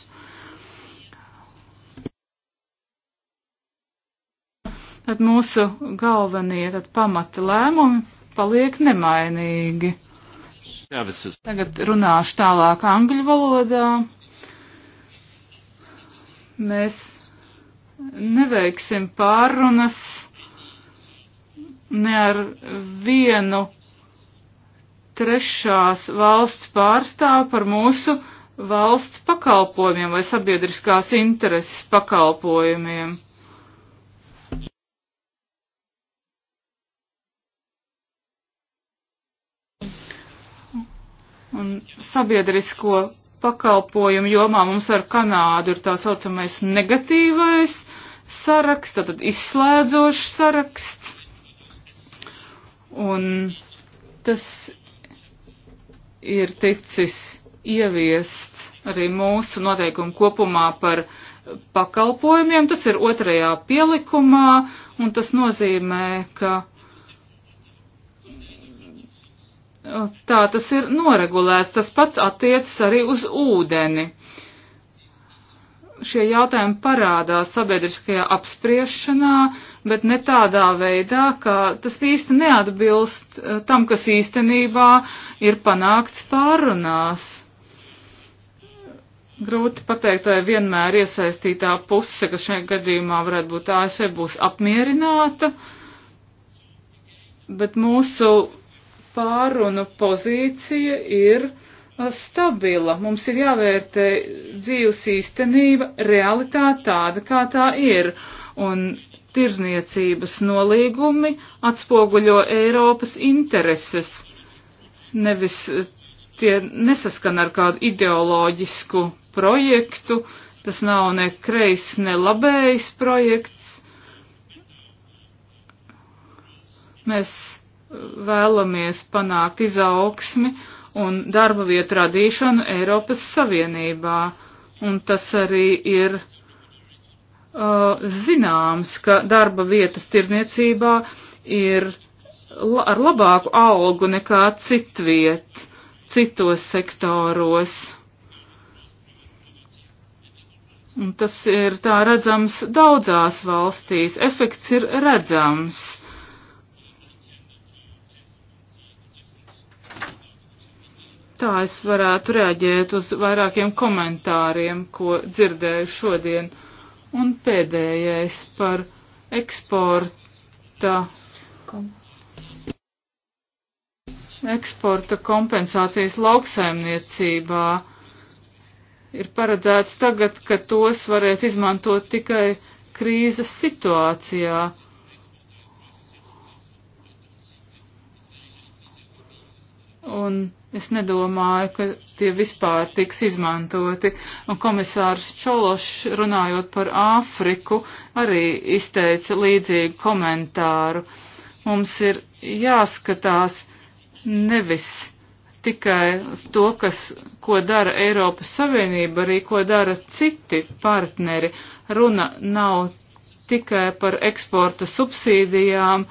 Tad mūsu galvenie tad pamata lēmumi paliek nemainīgi. Tagad runāšu tālāk angļu valodā. Mēs neveiksim pārunas ne ar vienu trešās valsts pārstāvu par mūsu valsts pakalpojumiem vai sabiedriskās intereses pakalpojumiem. Un sabiedrisko pakalpojumu jomā mums ar Kanādu ir tā saucamais negatīvais saraksts, tad izslēdzošs saraksts. Un tas ir ticis ieviests arī mūsu noteikumu kopumā par pakalpojumiem. Tas ir otrajā pielikumā, un tas nozīmē, ka tā tas ir noregulēts. Tas pats attiecas arī uz ūdeni. Uh, šie jautājumi parādās sabiedriskajā apspriešanā, bet ne tādā veidā, ka tas īsti neatbilst eh, tam, kas īstenībā ir panākts pārunās. Grūti pateikt, vai vienmēr iesaistītā puse, kas šajā gadījumā varētu būt ASV, būs apmierināta, bet mūsu pārunu pozīcija ir stabila. Mums ir jāvērtē dzīves īstenība, realitāte tāda, kā tā ir. Un tirzniecības nolīgumi atspoguļo Eiropas intereses, nevis eh, tie nesaskan ar kādu ideoloģisku projektu, tas nav ne kreis, ne labējs projekts. Mēs eh, vēlamies panākt izaugsmi un darba vietu radīšanu Eiropas Savienībā. Un tas arī ir uh, zināms, ka darba vietas tirniecībā ir la ar labāku algu nekā citviet, citos sektoros. Un tas ir tā redzams daudzās valstīs, efekts ir redzams. Tā es varētu reaģēt uz vairākiem komentāriem, ko dzirdēju šodien. Un pēdējais par eksporta, Kom. eksporta kompensācijas lauksaimniecībā ir paredzēts tagad, ka tos varēs izmantot tikai krīzes situācijā un es nedomāju, ka tie vispār tiks izmantoti. Un komisārs Čološs, runājot par Āfriku, arī izteica līdzīgu komentāru. Mums ir jāskatās nevis tikai to, kas, ko dara Eiropas Savienība, arī ko dara citi partneri. Runa nav tikai par eksporta subsīdijām,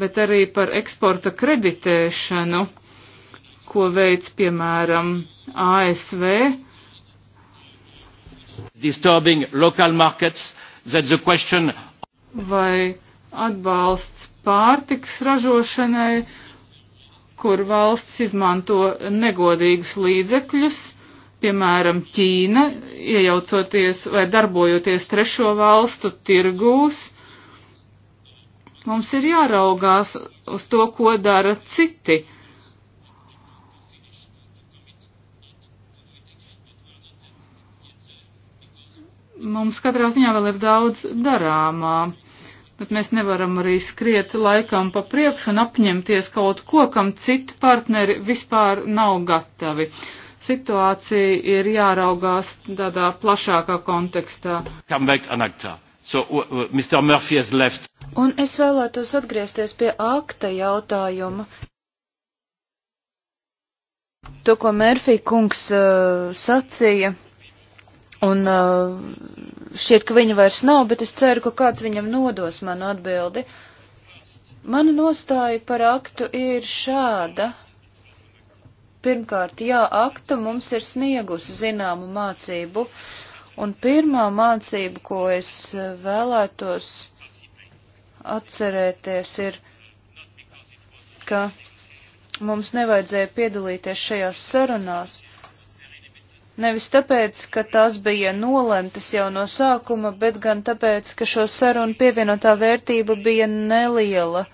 bet arī par eksporta kreditēšanu ko veic, piemēram, ASV. Disturbing local markets, that's the question. Vai atbalsts pārtiks ražošanai, kur valsts izmanto negodīgus līdzekļus, piemēram, Ķīna, iejaucoties vai darbojoties trešo valstu tirgūs. Mums ir jāraugās uz to, ko dara citi Mums katrā ziņā vēl ir daudz darāmā, bet mēs nevaram arī skriet laikam pa priekšu un apņemties kaut ko, kam citi partneri vispār nav gatavi. Situācija ir jāraugās tādā plašākā kontekstā. So, uh, uh Mr. Murphy has left. Un es vēlētos atgriezties pie akta jautājuma. To, ko Mērfī kungs uh, sacīja, Un uh, šķiet, ka viņa vairs nav, bet es ceru, ka kāds viņam nodos manu atbildi. Mana nostāja par aktu ir šāda. Pirmkārt, jā, akta mums ir sniegusi zināmu mācību, un pirmā mācība, ko es vēlētos atcerēties, ir, ka mums nevajadzēja piedalīties šajās sarunās Nevis tāpēc, ka tās bija nolemtas jau no sākuma, bet gan tāpēc, ka šo sarunu pievienotā vērtība bija neliela.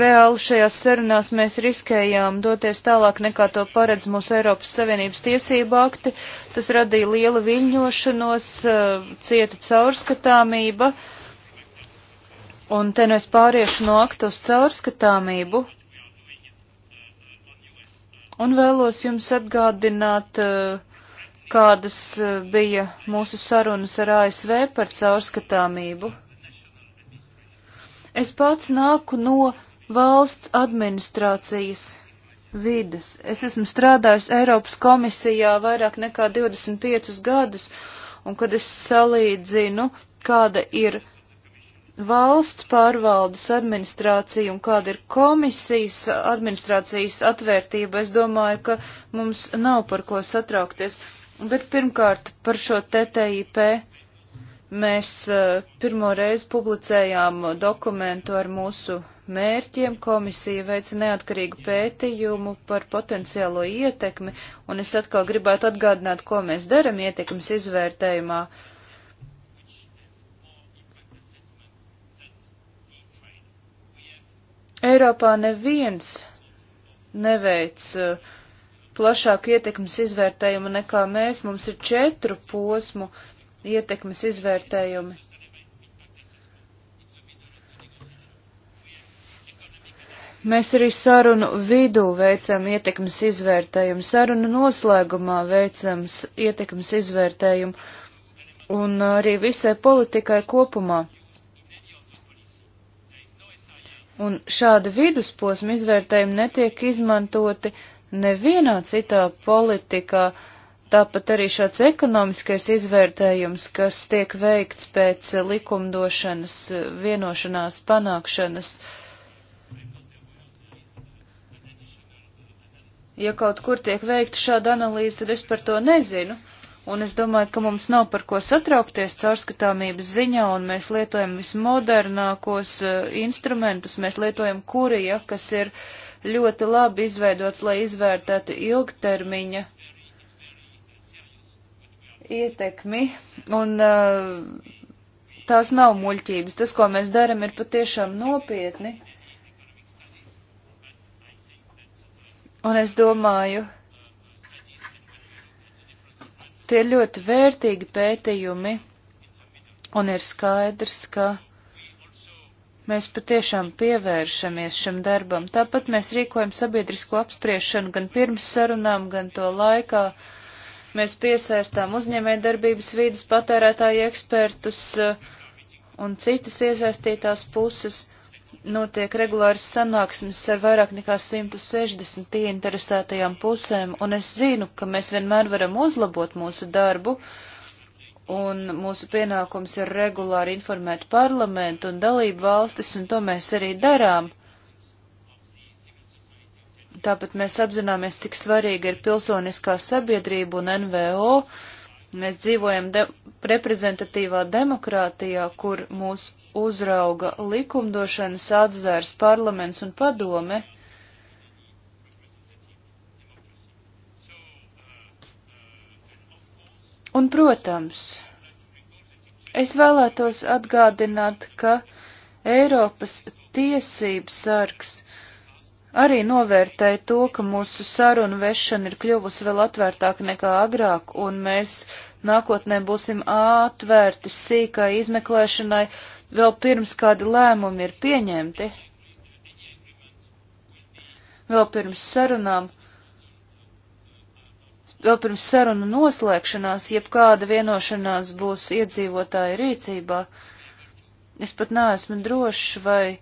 Reāli šajās sarunās mēs riskējām doties tālāk nekā to paredz mūsu Eiropas Savienības tiesība akti. Tas radīja lielu viļņošanos, cieta caurskatāmība. Uh, Un te nu es pāriešu no aktu uz caurskatāmību. Un vēlos jums atgādināt, eh, kādas eh, bija mūsu sarunas ar ASV par caurskatāmību. Es pats nāku no valsts administrācijas vides. Es esmu strādājis Eiropas komisijā vairāk nekā 25 gadus, un kad es salīdzinu, kāda ir valsts pārvaldes administrācija un kāda ir komisijas administrācijas atvērtība, es domāju, ka mums nav par ko satraukties. Bet pirmkārt par šo TTIP mēs eh, pirmo reizi publicējām dokumentu ar mūsu mērķiem. Komisija veica neatkarīgu pētījumu par potenciālo ietekmi, un es atkal gribētu atgādināt, ko mēs daram ietekmes izvērtējumā. Uh, Eiropā neviens neveic uh, plašāku ietekmes izvērtējumu nekā mēs. Mums ir četru posmu ietekmes izvērtējumi. Mēs arī sarunu vidū veicam ietekmes izvērtējumu, sarunu noslēgumā veicam ietekmes izvērtējumu un arī visai politikai kopumā un šādi vidusposma izvērtējumi netiek izmantoti nevienā citā politikā, tāpat arī šāds ekonomiskais izvērtējums, kas tiek veikts pēc likumdošanas vienošanās panākšanas. Ja kaut kur tiek veikta šāda analīze, tad es par to nezinu. Un es domāju, ka mums nav par ko satraukties caurskatāmības ziņā, un mēs lietojam vismodernākos uh, instrumentus, mēs lietojam kurija, kas ir ļoti labi izveidots, lai izvērtētu ilgtermiņa ietekmi, un uh, tās nav muļķības. Tas, ko mēs daram, ir patiešām nopietni. Un es domāju, ka Tie ir ļoti vērtīgi pētījumi, un ir skaidrs, ka mēs patiešām pievēršamies šim darbam. Tāpat mēs rīkojam sabiedrisko apspriešanu gan pirms sarunām, gan to laikā. Mēs piesaistām uzņēmējdarbības vīdes patērētāju ekspertus eh, un citas iesaistītās puses notiek regulāras sanāksmes ar vairāk nekā 160 ieinteresētajām pusēm, un es zinu, ka mēs vienmēr varam uzlabot mūsu darbu, un mūsu pienākums ir regulāri informēt parlamentu un dalību valstis, un to mēs arī darām. Tāpat mēs apzināmies, cik svarīga ir pilsoniskā sabiedrība un NVO. Mēs dzīvojam de reprezentatīvā demokrātijā, kur mūsu uzrauga likumdošanas atzērs parlaments un padome, Un, protams, es vēlētos atgādināt, ka Eiropas tiesības sargs arī novērtēja to, ka mūsu sarunu vešana ir kļuvusi vēl atvērtāka nekā agrāk, un mēs nākotnē būsim atvērti sīkai izmeklēšanai, uh, vēl pirms kādi lēmumi ir pieņemti, vēl pirms sarunām, vēl pirms sarunu noslēgšanās, jebkāda vienošanās būs iedzīvotāja rīcībā. Es pat neesmu drošs, vai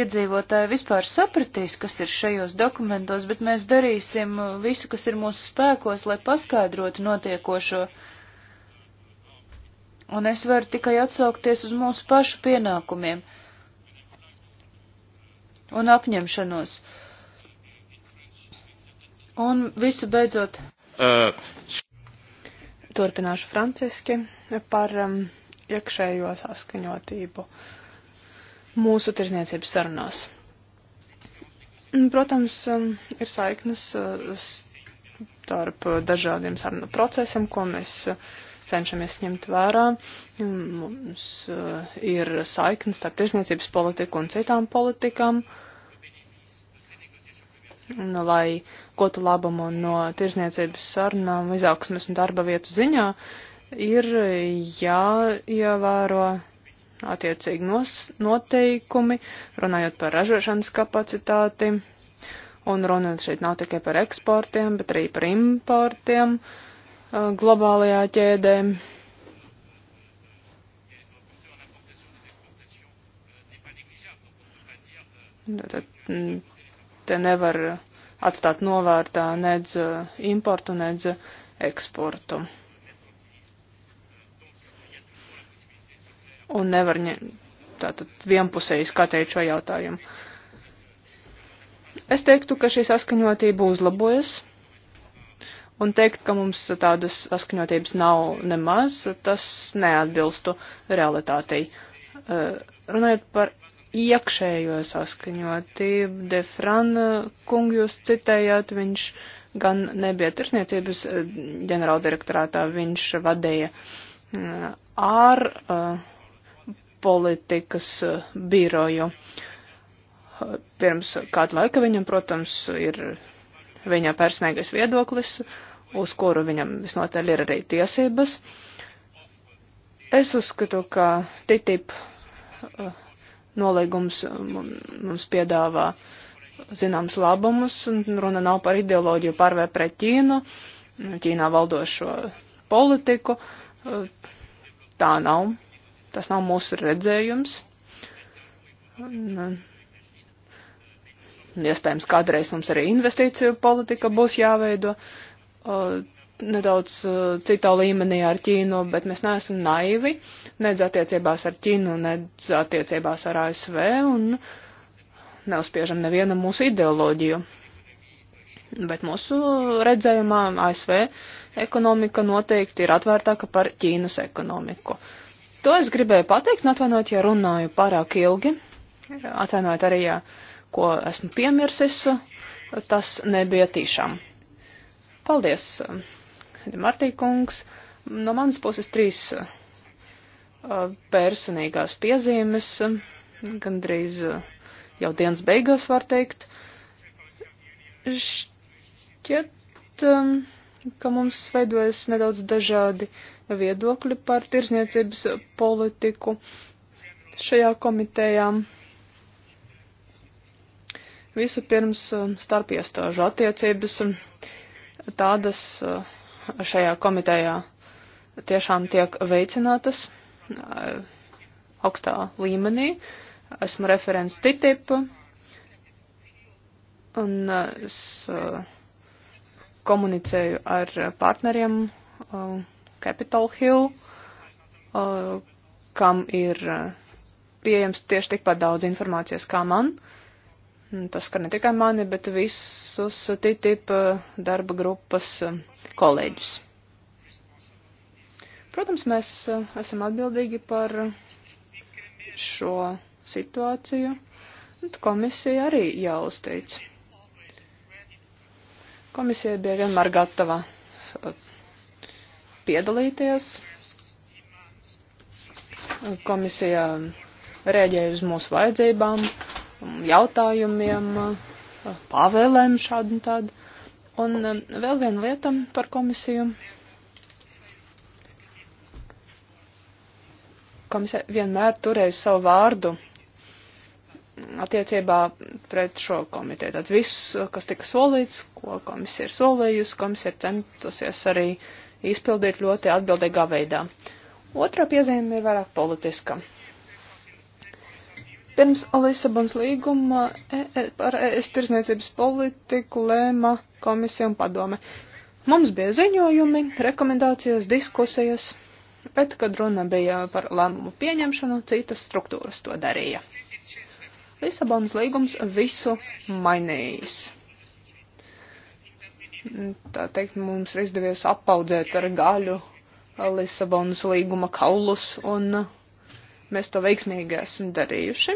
iedzīvotāji vispār sapratīs, kas ir šajos dokumentos, bet mēs darīsim visu, kas ir mūsu spēkos, lai paskaidrotu notiekošo un es varu tikai atsaukties uz mūsu pašu pienākumiem un apņemšanos. Un visu beidzot. Uh. Turpināšu franciski par um, iekšējo saskaņotību mūsu tirzniecības sarunās. Mm, protams, um, ir saiknes uh, starp dažādiem sarunu procesiem, ko mēs uh, cenšamies ņemt vērā. Mums uh, ir saiknes starp tirsniecības politiku un citām politikām. Uh, lai gotu labumu no tirsniecības sarunām, izaugsmes un darba vietu ziņā, ir jāievēro attiecīgi nos, noteikumi, runājot par ražošanas kapacitāti. Un runa šeit nav tikai par eksportiem, bet arī par importiem. Uh, Uh, globālajā ķēdē. Tad mm, te nevar atstāt novērtā nedz uh, importu, nedz uh, eksportu. Un nevar tātad vienpusēji skatīt šo jautājumu. Es teiktu, ka šī saskaņotība uzlabojas un teikt, ka mums tādas saskaņotības nav nemaz, tas neatbilstu realitātei. Eh, runājot par iekšējo saskaņotību, Defrana eh, kungu jūs citējāt, viņš gan nebija tirsniecības eh, ģenerāldirektorātā, viņš vadīja ār politikas biroju. Pirms kādu laiku viņam, protams, ir viņa personīgais viedoklis, uh, uz kuru viņam visnotaļ ir arī tiesības. Es uzskatu, ka TTIP uh, nolīgums um, mums piedāvā zināms labumus, un runa nav par ideoloģiju pārvē pret Ķīnu, Ķīnā valdošo politiku. Uh, tā nav. Tas nav mūsu redzējums. Un, un uh, iespējams, kādreiz mums arī investīciju politika būs jāveido. Uh, nedaudz citā līmenī ar Ķīnu, bet mēs neesam naivi, nedz attiecībās ar Ķīnu, nedz attiecībās ar ASV un neuzspiežam nevienam mūsu ideoloģiju. Bet mūsu redzējumā ASV ekonomika noteikti ir atvērtāka par Ķīnas ekonomiku. To es gribēju pateikt, atvainojiet, ja runāju pārāk ilgi, atvainojiet arī, ja ko esmu piemirsis, tas nebija tiešām. Paldies, eh, Martī kungs. No manas puses trīs eh, personīgās piezīmes, gandrīz eh, jau dienas beigās var teikt. Šķiet, ka mums veidojas nedaudz dažādi viedokļi par tirzniecības politiku šajā komitejā. Visu pirms starp iestāžu attiecības. Uh, tādas eh, šajā komitejā tiešām tiek veicinātas eh, augstā līmenī. Esmu referents TTIP, un eh, es komunicēju ar partneriem Capitol Hill, kam ir pieejams tieši tikpat daudz informācijas kā man. Uh, Mm, tas skar ne tikai mani, bet visus TTIP eh, darba grupas eh, kolēģus. Protams, mēs eh, esam atbildīgi par šo situāciju. Komisija arī jau uzteica. Komisija bija vienmēr gatava piedalīties. Komisija rēģēja uz mūsu vajadzībām jautājumiem, pavēlēm šādu un tādu. Un um, vēl viena lieta par komisiju. Komisija vienmēr turējusi savu vārdu attiecībā pret šo komiteju. Tad viss, kas tika solīts, ko komisija ir solījusi, komisija ir centusies arī izpildīt ļoti atbildīgā veidā. Otra piezīme ir vairāk politiska. Pirms Lisabons līguma e, e, par ES tirsniecības politiku lēma komisija un padome. Mums bija ziņojumi, rekomendācijas, diskusijas, bet, kad runa bija par lēmumu pieņemšanu, citas struktūras to darīja. Lisabonas līgums visu mainījis. Tā teikt, mums ir izdevies apaudzēt ar gaļu Lisabonas līguma kaulus un uh, Mēs to veiksmīgi esam darījuši.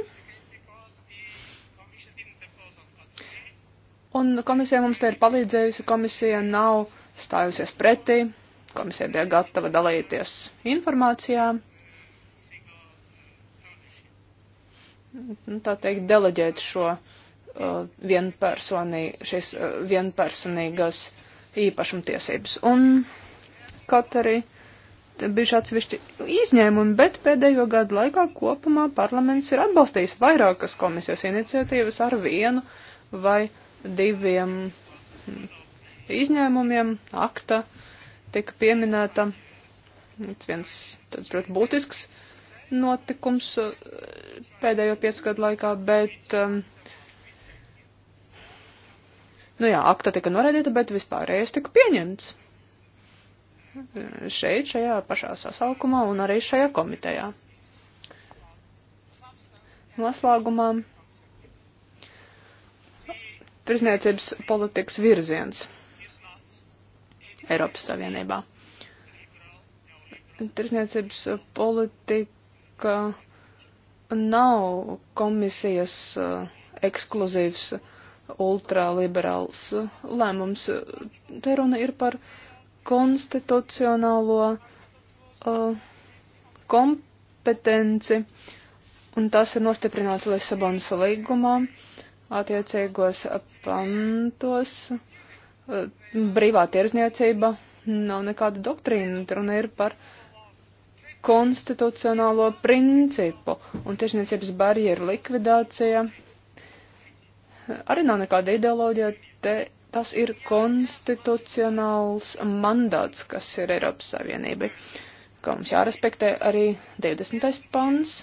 Un komisija mums te ir palīdzējusi, komisija nav stājusies pretī, komisija bija gatava dalīties informācijā. Nu, tā teikt, deleģēt šo uh, vienpersonī, šīs uh, vienpersonīgas īpašumtiesības. Un kaut arī bijuši atsevišķi izņēmumi, bet pēdējo gadu laikā kopumā parlaments ir atbalstījis vairākas komisijas iniciatīvas ar vienu vai diviem izņēmumiem. Akta tika pieminēta viens tāds ļoti būtisks notikums uh, pēdējo piecu gadu laikā, bet. Um, Nu jā, akta tika noraidīta, bet vispārējais tika pieņemts šeit, šajā pašā sasaukumā un arī šajā komitejā. Noslēgumā tirzniecības politikas virziens Eiropas Savienībā. Tirzniecības politika nav komisijas uh, ekskluzīvs ultraliberāls lēmums. Te runa ir par uh, konstitucionālo uh, kompetenci, un tas ir nostiprināts Lisabonas līgumā attiecīgos pantos. Uh, brīvā tirzniecība nav nekāda doktrīna, runa ir par konstitucionālo principu un tirzniecības barjeru likvidācija. Arī nav nekāda ideoloģija, te Tas ir konstitucionāls mandāts, kas ir Eiropas Savienībai, ka mums jārespektē arī 20. pants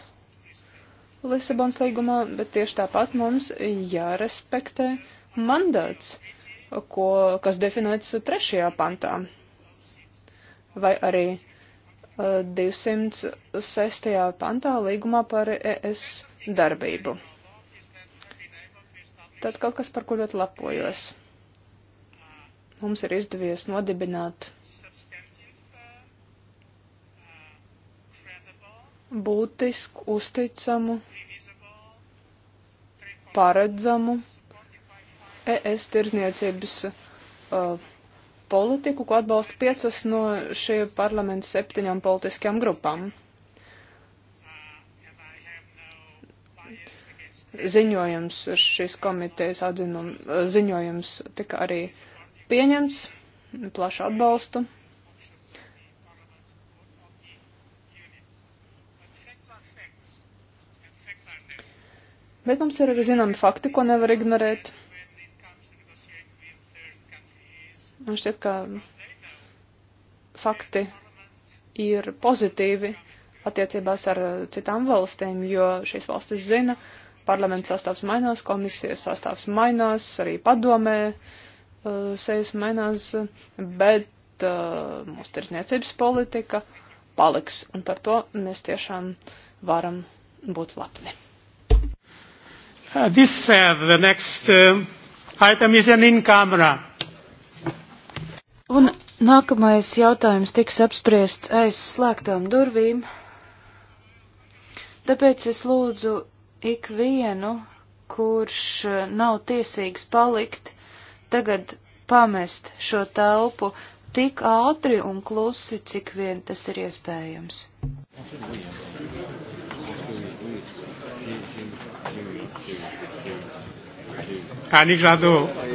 Lisabons līgumā, bet tieši tāpat mums jārespektē mandāts, ko, kas definēts trešajā pantā. Vai arī 206. pantā līgumā par ES darbību. Tad kaut kas, par ko ļoti lapojos mums ir izdevies nodibināt būtisku, uzticamu, paredzamu ES tirzniecības uh, politiku, ko atbalsta piecas no šī parlamenta septiņām politiskajām grupām. Ziņojums šīs komitejas atzinums, ziņojums tika arī uh, pieņemts plašu atbalstu. Bet mums ir arī zināmi fakti, ko nevar ignorēt. Man šķiet, ka fakti ir pozitīvi attiecībās ar citām valstīm, jo šīs valstis zina, parlaments sastāvs mainās, komisijas sastāvs mainās, arī padomē sejas mainās, bet uh, mūsu tirsniecības politika paliks, un par to mēs tiešām varam būt lepni. Uh, this, uh, the next uh, item is an in camera. Un nākamais jautājums tiks apspriests aiz slēgtām durvīm. Tāpēc es lūdzu ikvienu, kurš uh, nav tiesīgs palikt, tagad pamest šo telpu tik ātri un klusi, cik vien tas ir iespējams. Annie Jadot.